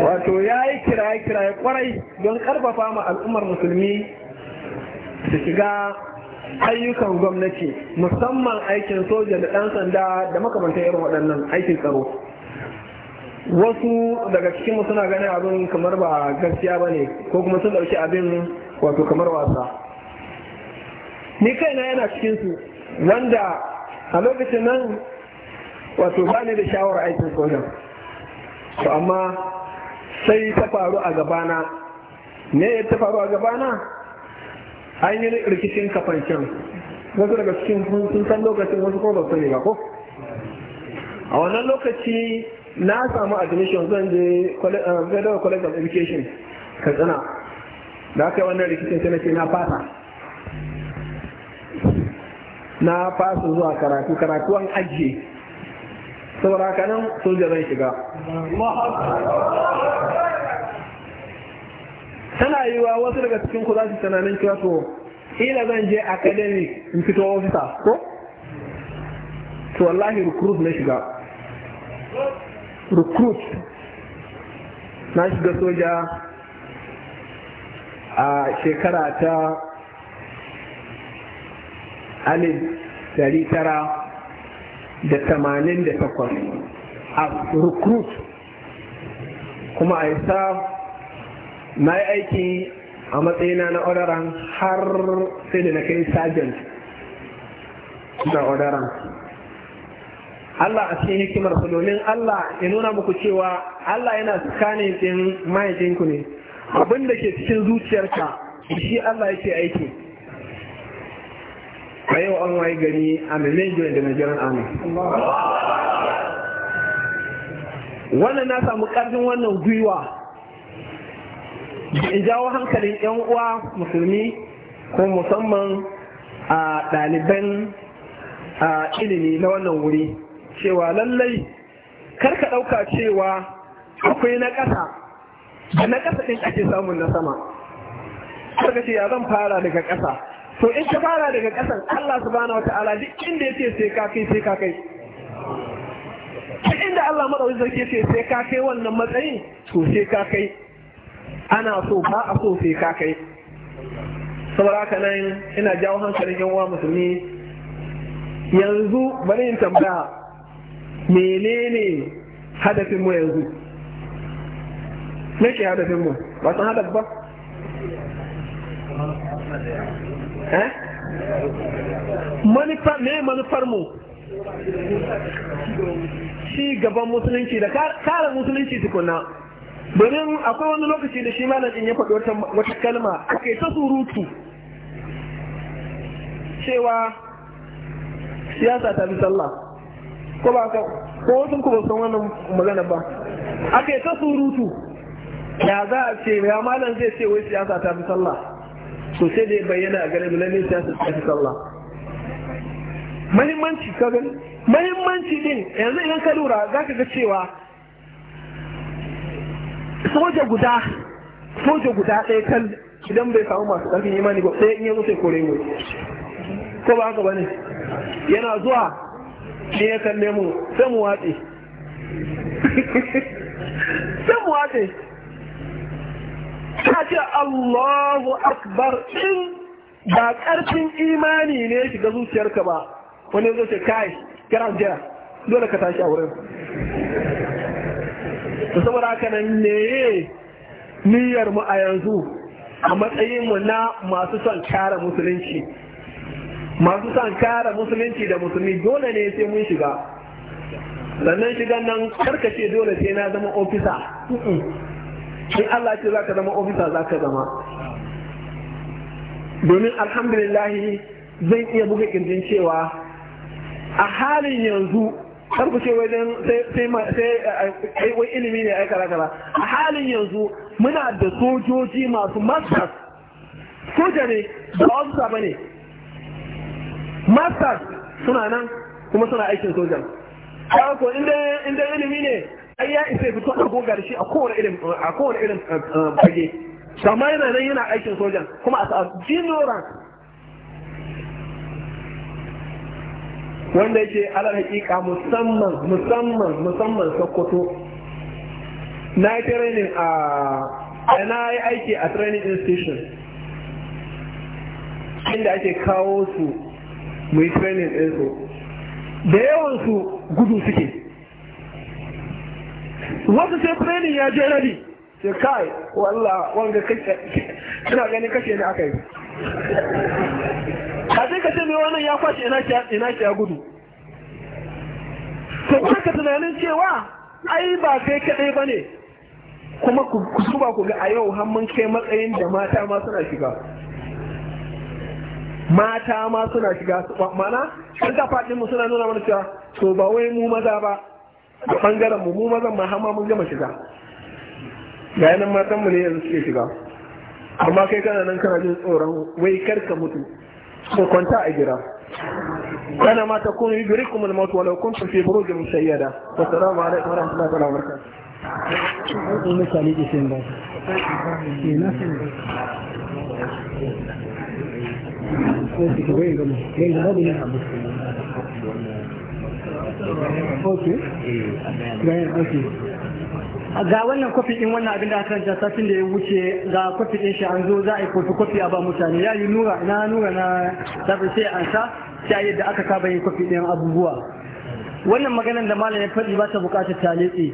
wato ya yi kiraye-kiraye kwarai don karfafa ma al'ummar musulmi da shiga ayyukan gwamnati musamman aikin soja da ɗan sanda da makamantar irin waɗannan aikin tsaro wasu daga cikin suna ganin abin kamar ba gaskiya ba ne ko kuma sun ɗauki abin wato kamar wasa ni kaina yana cikinsu wanda a lokacin nan wato ba da shawar aikin sojan to amma sai ta faru a gabana ne ya ta faru a gabana an yi rikicin kafancin wasu daga cikin sun san lokacin wasu ko ba sani ba ko a wannan lokaci na samu admission zan je eh, federal college of education katsina da aka yi wannan rikicin sai na na fata, na fasa zuwa karatu karatuwan ajiye saboda haka nan soja zan shiga tana yiwuwa wasu daga cikin ku za su tunanin cewa to ila zan je academic in fito ofisa ko to wallahi recruit na shiga recruit na shiga soja a shekara ta alif dari tara da tamanin da takwas a recruit kuma a yi na yi aiki a matsayina na odaran har sai da na kai sergeant na odaran Allah a cikin hikimar su domin Allah ya nuna muku cewa Allah yana tsakanin din mahaifinku ne abinda ke cikin zuciyarka shi Allah yake aiki a yau an waye gani a maimaito da Nigerian Army wannan na samu ƙarfin wannan gwiwa in jawo hankalin 'yan uwa musulmi ko musamman a ɗaliban ilimi na wannan wuri cewa lallai karka ɗauka cewa akwai na ƙasa da na ƙasa ɗin ake samun na sama karka ce ya zan fara daga ƙasa to in ka fara daga ƙasan Allah subhanahu wata'ala duk inda ya ce sai ka kai sai ka kai duk inda Allah madaukakin sarki ce sai ka kai wannan matsayin to sai ka kai ana so ba a so sai ka kai saboda haka nan ina jawo hankalin yan uwa musulmi yanzu bari in tambaya menene hadafin mu yanzu me ke hadafin mu ba san hadaf ba eh manufa me manufar mu ci gaban musulunci da kare musulunci tukuna domin akwai wani lokaci da shi malamin ya faɗi wata kalma aka ta surutu cewa siyasa ta fi sallah ko ba ka ko wasu kuma san wannan magana ba aka ta surutu ya za a ce ya malam zai ce wai siyasa ta fi sallah to sai da ya bayyana a gare bulani siyasa ta fi sallah mahimmanci ka gani mahimmanci din yanzu idan ka lura za ka ga cewa soja guda soja guda ɗaya kan idan bai samu masu ƙarfin imani ba sai in yanzu sai kore mu ko ba haka bane yana zuwa ne ya kalle mu sai mu watse *laughs* sai mu watse ta ce Allahu akbar in ba ƙarfin imani ne ya shiga zuciyarka ba wani zai ce kai kira jira dole ka tashi a wurin to saboda haka nan ne niyyar mu a yanzu a matsayin mu na masu son kare musulunci masu son kare musulunci da musulmi dole ne sai mun shiga sannan shigan nan karkace dole sai na zama ofisa in Allah ce za ka zama ofisa ka zama domin alhamdulillahi zan iya buga kirjin cewa a halin yanzu har ku ce wai dan sai sai eh, eh, wai ilimi ne ai kala kala a halin yanzu muna da sojoji masu masters soja ne wasu officer bane masters suna nan kuma suna aikin sojan kawai ko inda ilimi ne ai ya isa fito a gogar shi a kowane irin a kowane irin eh, fage amma yana nan yana aikin sojan kuma a sa jinoran wanda yake alal hakika musamman musamman musamman sokoto na yi training a na yi aiki a training institution inda ake kawo su mai training su da yawansu gudu suke wasu sai training ya je rabi sai kai wallah wanga kake ina ganin kashe ne aka yi Kaje ka ce mai wannan ya kwashe ina ki ya gudu to kuma ka tunanin cewa ai ba kai kaɗai ba ne kuma ku ba ku ga a yau hannun kai matsayin da mata ma suna shiga mata ma suna shiga mana an ka faɗin mu suna nuna mana cewa to ba wai mu maza ba a ɓangaren mu mu mazan ma hama mun gama shiga ga yanan matan mu ne yanzu suke shiga amma kai kana nan kana jin tsoron wai kar ka mutu ko kwanta a jira. kana ma takunu yudrikum al-maut walau kuntum fi burujin musayyada wa salamu alaikum wa rahmatullahi wa barakatuh mutane ke ba ke na sayin ba Okay. Okay. ga wannan kofi ɗin wannan abin da aka ranta satin da ya wuce ga kofi ɗin shi an zo za a yi kofi kofi a ba mutane ya yi nura na nura na zafi sai an sa sai yadda aka saba yin kwafi din abubuwa wannan maganar da malam ya faɗi ba ta buƙatar talibi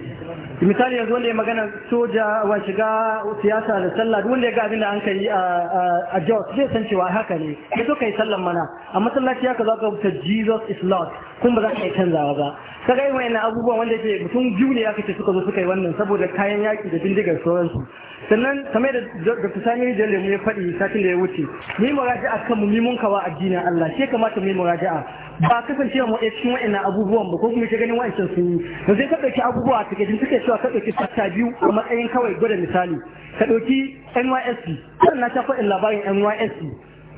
misali yanzu wanda ya magana soja wa shiga siyasa da sallah duk wanda ya ga abin da an kai a Jos zai san cewa haka ne ya zo kai sallan mana a masallaci ka za ka rubuta Jesus is Lord kun ba za ka yi canzawa ba kaga irin wannan abubuwan wanda ke mutum biyu ne aka ce suka zo suka yi wannan saboda kayan yaki da bindigar sauransu sannan kamar da dr sami da lemu ya faɗi satin da ya wuce mu yi muraja'a kanmu mu mun kawa addinin Allah shi kamata mu yi muraja'a ba kasancewa mu ɗaya cikin wa'annan abubuwan ba ko kuma ta ganin wa'in sun yi da zai ka ɗauki abubuwa a gajin suke cewa ka dauki sata biyu a matsayin kawai gwada misali ka ɗauki NYSC kan na ta faɗin labarin NYSC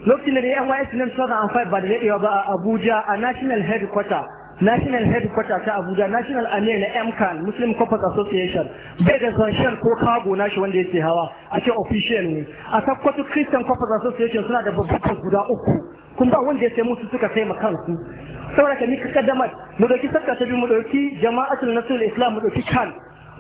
lokacin da NYSC nan faɗi ba da daɗewa ba a Abuja a National Headquarter national headquarter ta abuja national amir na mcan muslim corporate association bai da zanshen ko kago nashi wanda ya ce hawa a ce official ne a sakkwato christian corporate association suna da babbar guda uku kun ba wanda ya sai musu suka sai kansu saboda ka mika kaddamar mu dauki sarka ta biyu mu dauki jama'atul nasrul islam mu dauki kan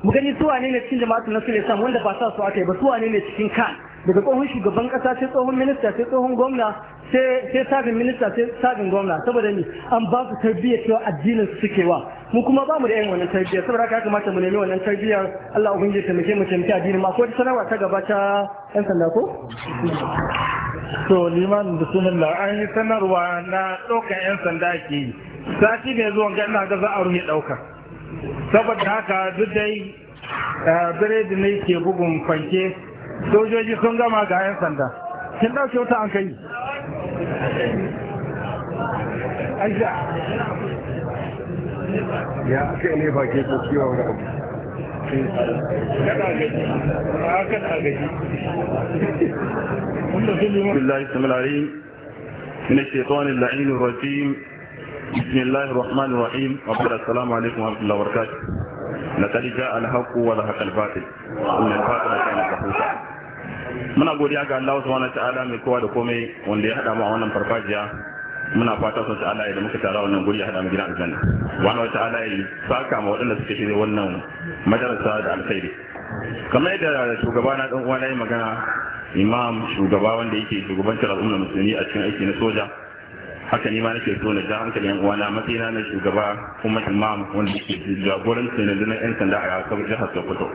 mu gani su wane ne cikin jama'atul nasrul islam wanda ba sa su aka yi ba su wane ne cikin kan daga tsohon shugaban kasa sai tsohon minista sai tsohon gwamna sai sabin minista sai sabin gwamna saboda ni an ba su tarbiyya cewa addinin su suke wa mu kuma ba mu da yin wannan tarbiyya saboda haka ya kamata mu nemi wannan tarbiyya Allah ubangiji taimake mu taimake addinin ma ko ta sanarwa ta gaba ta yan sanda ko to liman bismillah an yi sanarwa na ɗaukar yan sanda ke yi sati ne zuwan ga ina ga za a rufe ɗauka saboda haka duk dai eh, biredi ne ke bugun fanke sojoji sun gama ga 'yan sanda kin ɗauke wuta an kai ya aka ne ba ke kokiwa wani abu بسم الله السلام العليم من الشيطان اللعين الرجيم بسم الله الرحمن الرحيم وبركاته السلام عليكم ورحمة الله وبركاته لقد جاء الحق وزهق الباطل ان الباطل كان زهوقا muna godiya ga Allah subhanahu ta'ala mai kowa da komai wanda ya hada mu a wannan farfajiya muna fata sosai ta'ala ya da muka tara wannan guri ya hada mu gidan aljanna wannan ta'ala ya saka ma waɗanda suka shirya wannan madarasa da alkhairi kamar yadda shugaba na dan uwa na magana imam shugaba wanda yake shugabancin al'ummar musulmi a cikin aiki na soja haka ni ma nake so na ja hankali yan uwana matsayina na shugaba kuma imam wanda ke jagorancin rundunar yan sanda a kasar jihar Sokoto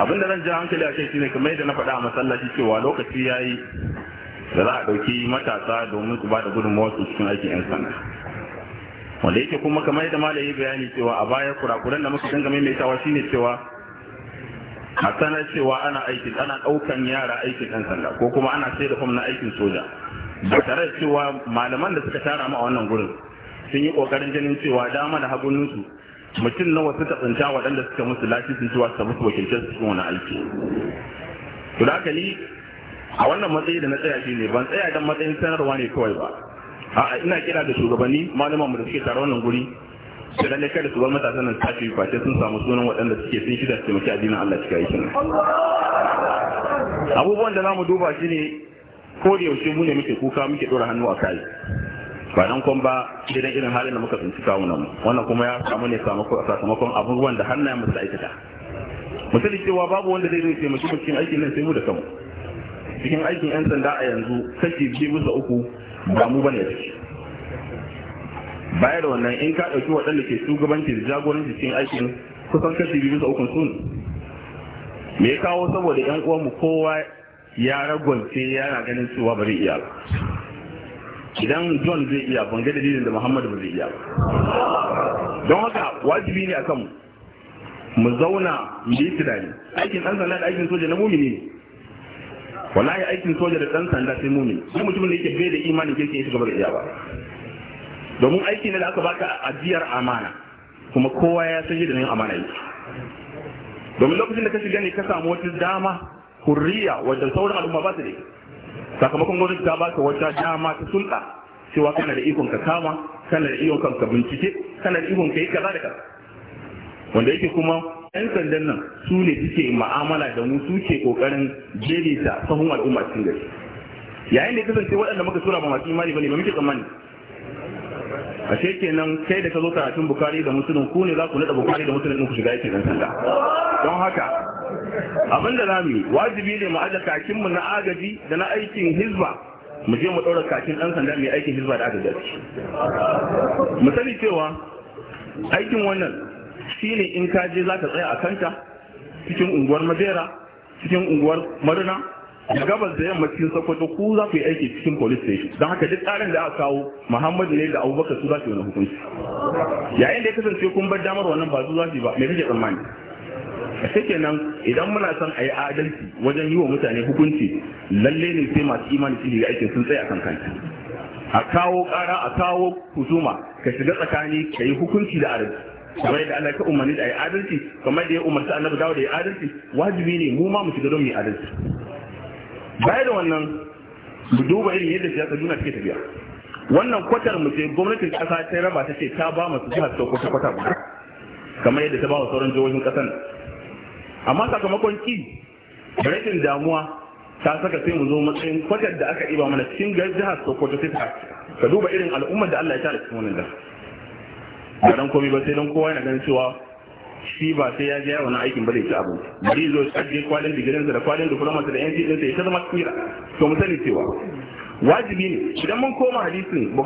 abin da zan ja hankali a kai shine kamar yadda na faɗa a masallaci cewa lokaci yayi da za a ɗauki matasa domin su ba da gudunmawar su cikin aikin yan sanda wanda yake kuma kamar yadda malam ya bayani cewa a baya kurakuran da muka dinga maimaitawa shine cewa a sanar cewa ana aikin ana ɗaukan yara aikin yan sanda ko kuma ana sai da na aikin soja da tare da cewa malaman da suka tara mu a wannan gurin sun yi kokarin ganin cewa dama da hagunansu mutum nawa suka tsinta waɗanda suka musu sun cewa su musu wakilcin su cikin wani aiki to da haka ni a wannan matsayi da na tsaya shi ne ban tsaya don matsayin sanarwa ne kawai ba a ina kira da shugabanni malaman mu da suke tare wannan guri su lalle kada su bar matasan nan tashi face sun samu sunan waɗanda suke sun shida su taimaki addinin Allah cikin aikin abubuwan da za mu duba shi ne ko da yaushe mu ne muke kuka muke dora hannu a kai ba nan kun ba idan irin halin da muka tsinci kawo nan wannan kuma ya samu ne sakamakon abubuwan da hannayen mu suka aikata misali cewa babu wanda zai zai taimaki cikin aikin nan sai mu da kanmu cikin aikin yan sanda a yanzu kashi biyu bisa uku ba mu bane ciki baya da wannan in ka ɗauki waɗanda ke shugabanci da jagoranci cikin aikin kusan kashi biyu bisa uku sun me ya kawo saboda yan uwanmu kowa ya ragwalce yana ganin cewa ba zai iya ba idan john zai iya ban ga dalilin da muhammadu ba zai iya ba don haka wajibi ne akan mu zauna mu yi tunani aikin ɗan sanda da aikin soja na mumini ne wallahi aikin soja da ɗan sanda sai mumini sai mutum da yake bai da imanin kirki ya shiga da iya ba domin aiki ne da aka baka ajiyar amana kuma kowa ya san yadda nan amana yake domin lokacin da ka shiga ne ka samu wata dama hurriya wanda sauran al'umma ba su da sakamakon gwamnati ta ba ta wata dama ta sulɗa cewa kana da ikon ka kama kana da ikon ka bincike kana da ikon ka yi kaza da kaza wanda yake kuma yan sandan nan su ne suke ma'amala da mu su ke kokarin da sahun al'umma cikin gari yayin da kasance waɗanda muka tura ba masu imani ne ba muke tsammani ashe kenan kai da ka zo karatun bukari da musulun ku ne za ku nada bukari da musulun ku shiga yake dan sanda don haka abin da zamu yi wajibi ne mu aje kakin mu na agaji da na aikin hizba mu je mu ɗaura kakin ɗan sanda mai aikin hizba da agaji mu sani cewa aikin wannan shine in ka je za ka tsaya a kanta cikin unguwar madera cikin unguwar maduna da gabas da yamma cikin sokoto ku za ku yi aiki cikin police station don haka duk tsarin da aka kawo muhammadu ne da abubakar su za su yi wani hukunci yayin da ya kasance kun bar damar wannan ba su za su yi ba me kake tsammani A take nan idan muna son a yi adalci wajen yi wa mutane hukunci lalle ne sai masu imani su yi aikin sun tsaye a kan kanta a kawo ƙara a kawo kusuma ka shiga tsakani ka yi hukunci da adalci kamar yadda Allah ya umarni da yi adalci kamar da ya umarci annabi dawo da yi adalci wajibi ne mu ma mu shiga don mu yi adalci Bayan da wannan mu duba irin yadda siyasa duniya take tafiya wannan kwatar mu ce gwamnatin kasa ta raba ta ce ta ba mu jihar Sokoto kwata kwata kamar yadda ta ba wa sauran jihohin kasan amma sakamakon ki da rashin damuwa ta saka sai mu zo matsayin kwatar da aka iba mana cikin jihar sokoto sai ka duba irin al'ummar da Allah ya tare cikin wannan da ba dan komai ba sai dan kowa yana ganin cewa shi ba sai ya ga wani aikin ba zai ci abu bari zo tsaje kwalin digirin da kwalin diploma da NC din sai ta zama kira to mu sani cewa wajibi ne idan mun koma hadisin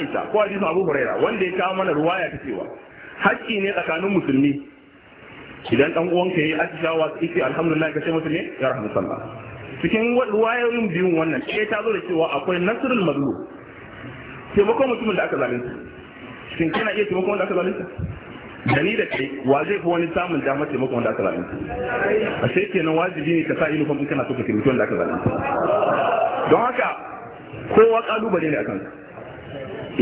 Aisha ko hadisin Abu Huraira wanda ya kawo mana ruwaya ta cewa haƙƙi ne tsakanin musulmi idan dan a cikin wasu yake alhamdulillah ka sai masa ne ya sallah cikin wayoyin biyun wannan sai ta zo da cewa akwai nasrul mazlum taimakon mutumin da aka zalunta shin kana iya taimakon wanda aka zalunta da ni da kai wa zai fi wani samun damar taimakon wanda aka zalunta a sai kenan wajibi ne ka sa ilimin in kana so ka taimaki wanda aka zalunta don haka kowa kalubale ne a kanka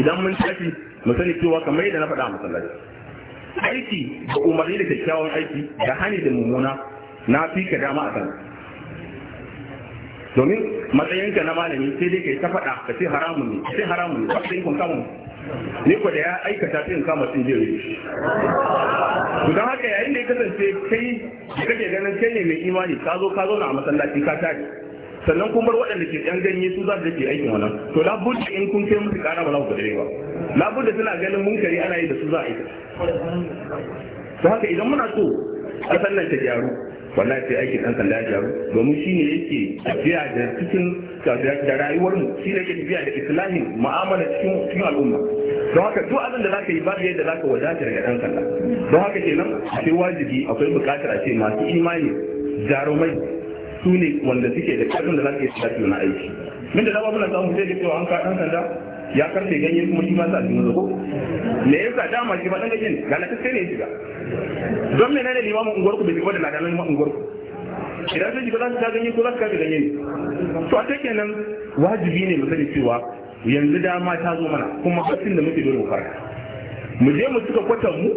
idan mun tafi mu sani cewa kamar yadda na faɗa a masallaci aiki da umarni da kyakkyawan aiki da hani da mummuna na fi ka dama a kan domin matsayinka na malami sai dai kai ta faɗa ka ce haramun ne sai haramun ne ba sai kun kama ni ko da ya aikata sai kama sun je wuri to don haka yayin da ya kasance kai da kake ganin kai ne mai imani ka zo ka zo na a masallaci ka tashi sannan kuma waɗanda ke ɗan ganye su za su ke aikin wannan to labudda in kun kai musu ƙara ba za ku ba labudda suna ganin munkari ana yi da su za a aikata to haka idan muna so ƙasar nan ta gyaru wallahi sai aikin ɗan sanda ya gyaru domin shi ne yake tafiya da cikin da rayuwarmu shi ne yake tafiya da islamin mu'amala cikin al'umma don haka duk abin da zaka yi babu yadda zaka wadata daga ɗan sanda don haka kenan akwai wajibi akwai buƙatar a ce masu imani jarumai su ne wanda suke da ƙarfin da zaka yi su na aiki min da dama muna samu sai da cewa an ka ɗan sanda ya karfe ganye kuma shi ba sa jin zago me yasa dama shi ba dan ganye ga ga lakaske ne shiga don me ne limamin unguwar ku bai shiga da ladanin unguwar ku idan sun shiga za su ta ganye ko za su karfe ganye ne to a take nan wajibi ne mu sani cewa yanzu dama ta zo mana kuma hakkin da muke dole mu farka mu je mu cika kwatan mu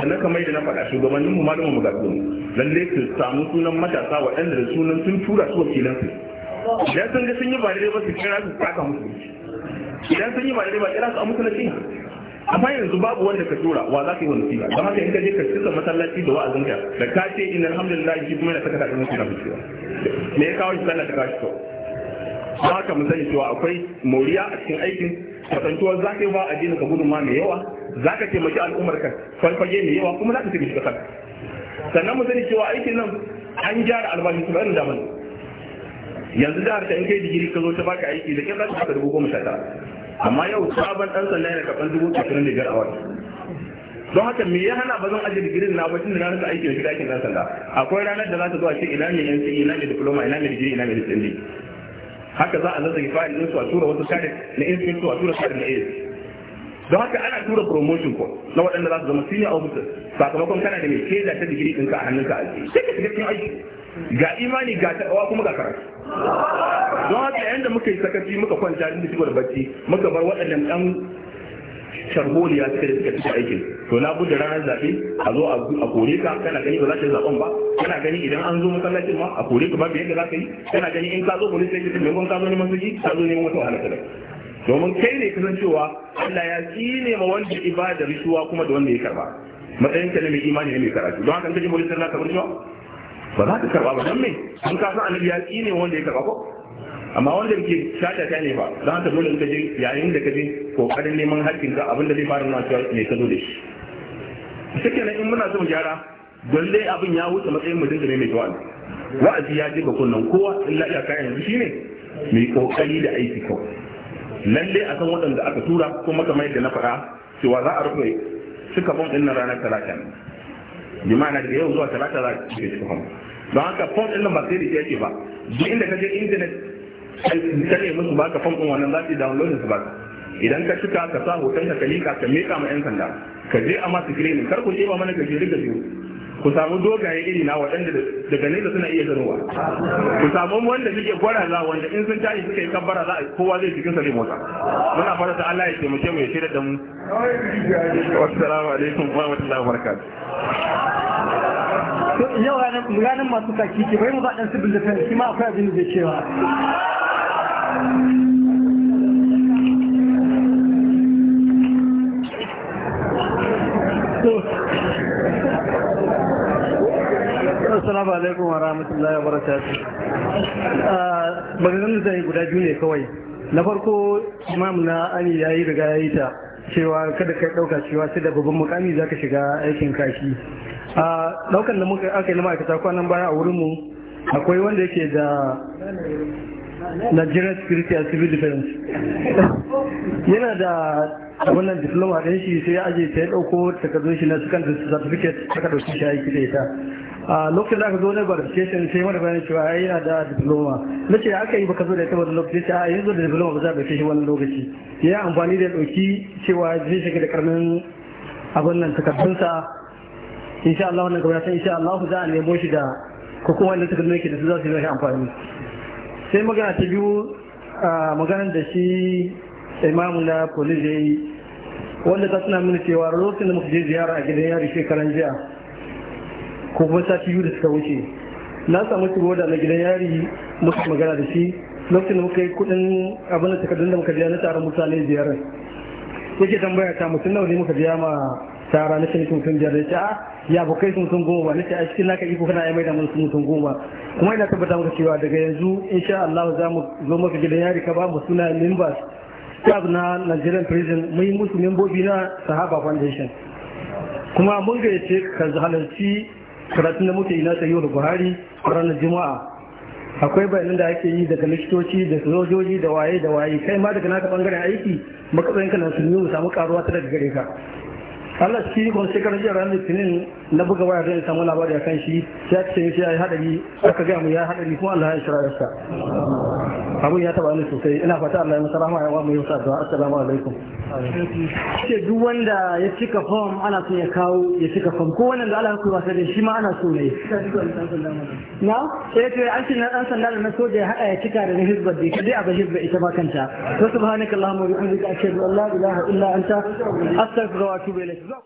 sannan kamar da na faɗa shugabannin mu malamin mu ne. lalle su samu sunan matasa waɗanda da sunan sun tura su wakilansu idan sun ga sun yi ba daidai ba su kira su saka musu idan sun yi ba daidai ba kira su a musulunci amma yanzu babu wanda ka tura wa za ka yi wani siya? don haka in ka je ka cika masallaci da wa'azin ka da ka ce in alhamdulillah shi kuma yana saka takalmin suna fitowa me ya kawo shi sallah ta kashi shi to don haka mu sani cewa akwai moriya a cikin aikin kasantuwar za ka yi ba addini ka gudunma mai yawa za ka taimaki al'ummar ka farfage mai yawa kuma za ka taimaki kasar sannan mu sani cewa aikin nan an gyara albashi su bayan da yanzu da harka in kai digiri ka zo ta baka aiki da kyan za dubu goma sha tara amma yau sabon dan sanda yana karɓar dubu ashirin da biyar a wata don haka me ya hana ba zan aje digirin na ba tun da na rasa aiki da shi aikin dan sanda akwai ranar da za ta zo a ce ina ne yan ina ne diploma ina ne digiri ina ne diplomi haka za a zazzage fa'il din a tura wasu kare na inspector a tura kare na ace don haka ana tura promotion ko na waɗanda za su zama senior officer sakamakon kana da mai keda ta digiri ɗinka a hannunka a ciki sai ka shiga cikin aiki ga imani ga takawa kuma ga karatu don haka yayin da muka yi sakaci muka kwanta cikin shigar bacci muka bar waɗannan ɗan sharholiya suka da suka fita aikin to na bude ranar zaɓe a zo a kore ka kana gani ba za ka yi zaɓen ba kana gani idan an zo masallacin ma a kore ka ba yadda za ka yi kana gani in ka zo police station maimakon ka zo neman suji ka zo neman wata wahala kadai domin kai ne kasancewa Allah ya tsine ma wanda ibada rishuwa kuma da wanda ya karba matsayin ka ne mai imani ne mai karatu don haka in ka je police na za rishuwa ba za ka karba ba don me an ka san annabi ya ne wanda ya karba ko amma wanda ke shata ta ne ba za ka dole ka je yayin da ka je kokarin neman hakkin ka abinda zai fara nuna cewa me ka zo da shi take nan in muna son gyara dole abin ya wuce matsayin mutum ne mai tawali wa'azi ya je ga kunnan kowa illa ya kai yanzu shine mai kokari da aiki kawai lalle a san waɗanda aka tura ko kuma kamar yadda na faɗa cewa za a rufe suka bon ɗin ranar talata bi na daga yau zuwa talata za ka shiga cikin don haka fom din ba sai da yake ba duk inda ka je internet ka ne musu baka fom ɗin wannan za su yi su baka idan ka cika ka sa hoton ka lika ka mika ma 'yan sanda ka je a ma screening kar ku je ba mana ka je biyu ku samu dogaye iri na waɗanda daga nesa suna iya ganowa ku samu wanda suke gwaraza wanda in sun tashi suka yi kabbara za a kowa zai cikin sa ne mota muna fara ta Allah ya taimake mu ya shirya da mu assalamu alaikum wa rahmatullahi wa barakatuh yau ranar masu saki ce bai mu ba dan da kai shi ma akwai abin da zai cewa alaikum wa rahmatullahi wa barakatuh ah, maganin da guda biyu ne kawai na farko imam na ani ya yi riga ya yi ta cewa kada ka ɗauka cewa sai da babban mukami za ka shiga aikin kashi a ah, daukan da muka aka yi na ma'aikata kwanan baya a wurinmu akwai wanda yake da Nigerian Security and Civil Defense yana da wannan diploma ɗin shi sai ya aje ta ya ɗauko takardun shi na su certificate aka ɗauki shi aiki da ita a lokacin da aka zo na qualification sai mana bayan cewa ai yana da diploma na ce aka yi baka zo da ita wani lokaci sai a yi zo da diploma ba za a dauke shi wani lokaci ya amfani da dauki cewa zai shiga da karamin abin nan takardunsa insha Allah wannan gaba san insha Allah za a nemo shi da ko kuma wanda takardun yake da su za su yi amfani sai magana ta biyu magana da shi imamu na police ya yi wanda ta suna mini cewa lokacin da muka je ziyara a gidan yari shekaran jiya ko kuma sati biyu da suka wuce na samu shigoda na gidan yari muka magana da shi lokacin da muka yi kudin abin da takardun da muka biya na taron mutane biyar yake tambaya ta mutum nawa ne muka biya ma tara na shi mutum biyar da ce a ah, ya abokai kai mutum goma na ce a cikin naka iko kana ya mai da mutum mutum goma kuma ina tabbata muka cewa daga yanzu insha Allah za mu zo maka gidan yari ka ba mu suna members staff na Nigerian prison mun yi musu membobi na Sahaba Foundation kuma mun gayyace ka halarci karatun da muke yi na sayo da buhari ranar juma'a akwai bayanan da ake yi daga likitoci da sojoji da waye da waye kai ma daga naka bangaren aiki makasayin kana sun yi mu samu karuwa ta daga gare ka Allah shi ko kan jira ranar litinin na buga waya da samu labari a kan shi a ce shi ya yi hadari aka ga mu ya yi hadari kuma Allah ya shirya sa abun ya taba ni sosai ina fata Allah ya masa rahama ya mu yusa da assalamu alaikum ce duk wanda ya cika form ana son ya kawo ya cika form ko wanda da Allah ya kuma sai shi ma ana so ne na sai eh, to an shi na dan sanda da na soja ya hada ya cika da hizba da kai a ga hizba ita ma kanta to subhanakallahumma wa bihamdika ashhadu an la ilaha illa anta astaghfiruka wa atubu ilaik love